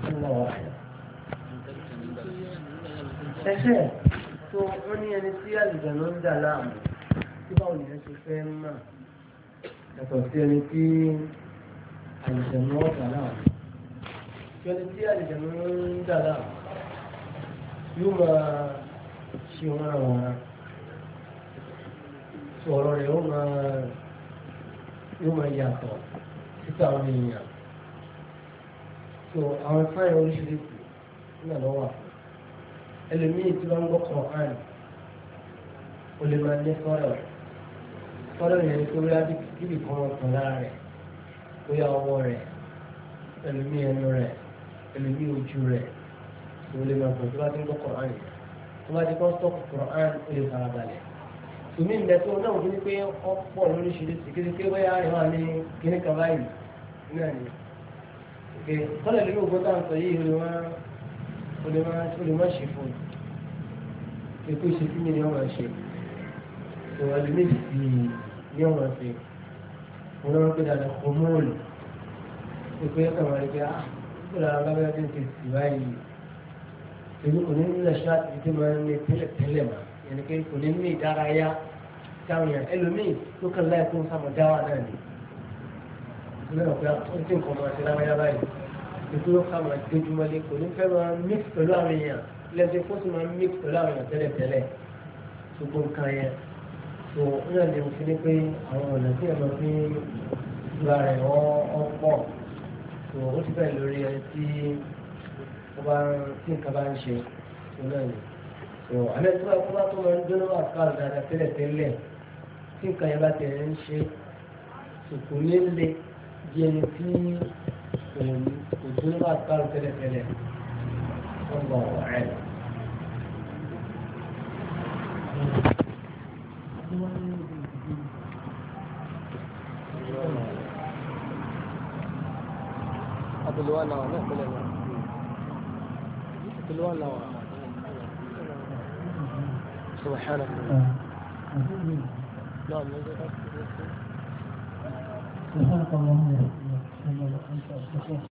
ọlọ́run wà láyọ̀. ẹ̀ṣẹ̀ tó wọ́n ní ẹni tí àlùjọ ló ń dà láàmú tí báwo ni ẹ ṣe fẹ́ mà yàtọ̀ sí ẹni tí àlùjọ ló ń dà láàmú tí ẹni tí àlùjọ ló ń dà láàmú yóò máa tí ó máa wà sọ̀rọ̀ rẹ̀ ó máa so àwọn sáyẹn oríṣiríṣi náà lọ́wọ́ ẹlòmíì tí wọ́n ń gbọ́ kọ̀ọ̀kan ó lè máa ní sọ́rọ̀ sọ́rọ̀ yẹn tó rí adébíkì kan ọ̀sán lára rẹ̀ tó bá ti kọ́ sọ́ọ̀kù Quran ó lè fara balẹ̀ tòmí ń bẹ tó náà wọ́n fi pé ọ̀pọ̀ lóríṣiríṣi kékeré bóyá ìwà ní kíní kan báyìí náà ni òkè kọ́lẹ̀ lórí ògbó tá à ń sọ yìí ó lè má ṣe fún un èkó ṣe sí mi ni wọ́n máa ṣe ìwà lè méjì sí i ni wọ́n ṣe wọ́n lọ́wọ́ pé dáadáa kò mú òòlù ìpínlẹ̀ kan wà ní pé ah ó èmi kò ní nílẹ̀ ṣáàtì tí mo ní tẹ́lẹ̀ tẹ́lẹ̀ mà yẹn pé kò ní ní ìdárayá táwọn èèyàn ẹlòmíì ló ni lọ́nà pé ó ti nǹkan máa ṣe lábáyá báyìí ètò ló kà máa dojúmọ́lé kò ní fẹ́ máa mix pẹ̀lú àwọn èèyàn lẹ́sẹ̀ kó sì máa mix pẹ̀lú àwọn èèyàn tẹ́lẹ̀ tẹ́lẹ̀ ṣùgbọ́n nǹkan yẹn tó náà lè fi ní pé àwọn ọ̀nà tí ẹ̀rọ fi gba rẹ̀ ọ̀pọ̀ tó ó ti bẹ̀rẹ̀ lórí ẹni tí tó bá ń tí nǹkan bá ń ṣe tó náà ni tó àmì tó bá kó bá tó máa ń dúró wà káàrọ̀ dáadáa tẹ́lẹ̀ tẹ́lẹ̀ tí nǹkan yẹn bá tẹ̀ ń ṣe kò ní le di ẹni tí kò dúró wà káàrọ̀ tẹ́lẹ̀ tẹ́lẹ̀ wọ́n gbọ́ ọ̀rẹ́ rẹ̀. Abdul Wala, no, no, بالوالله سبحانك نعم سبحانك اللهم وبحمدك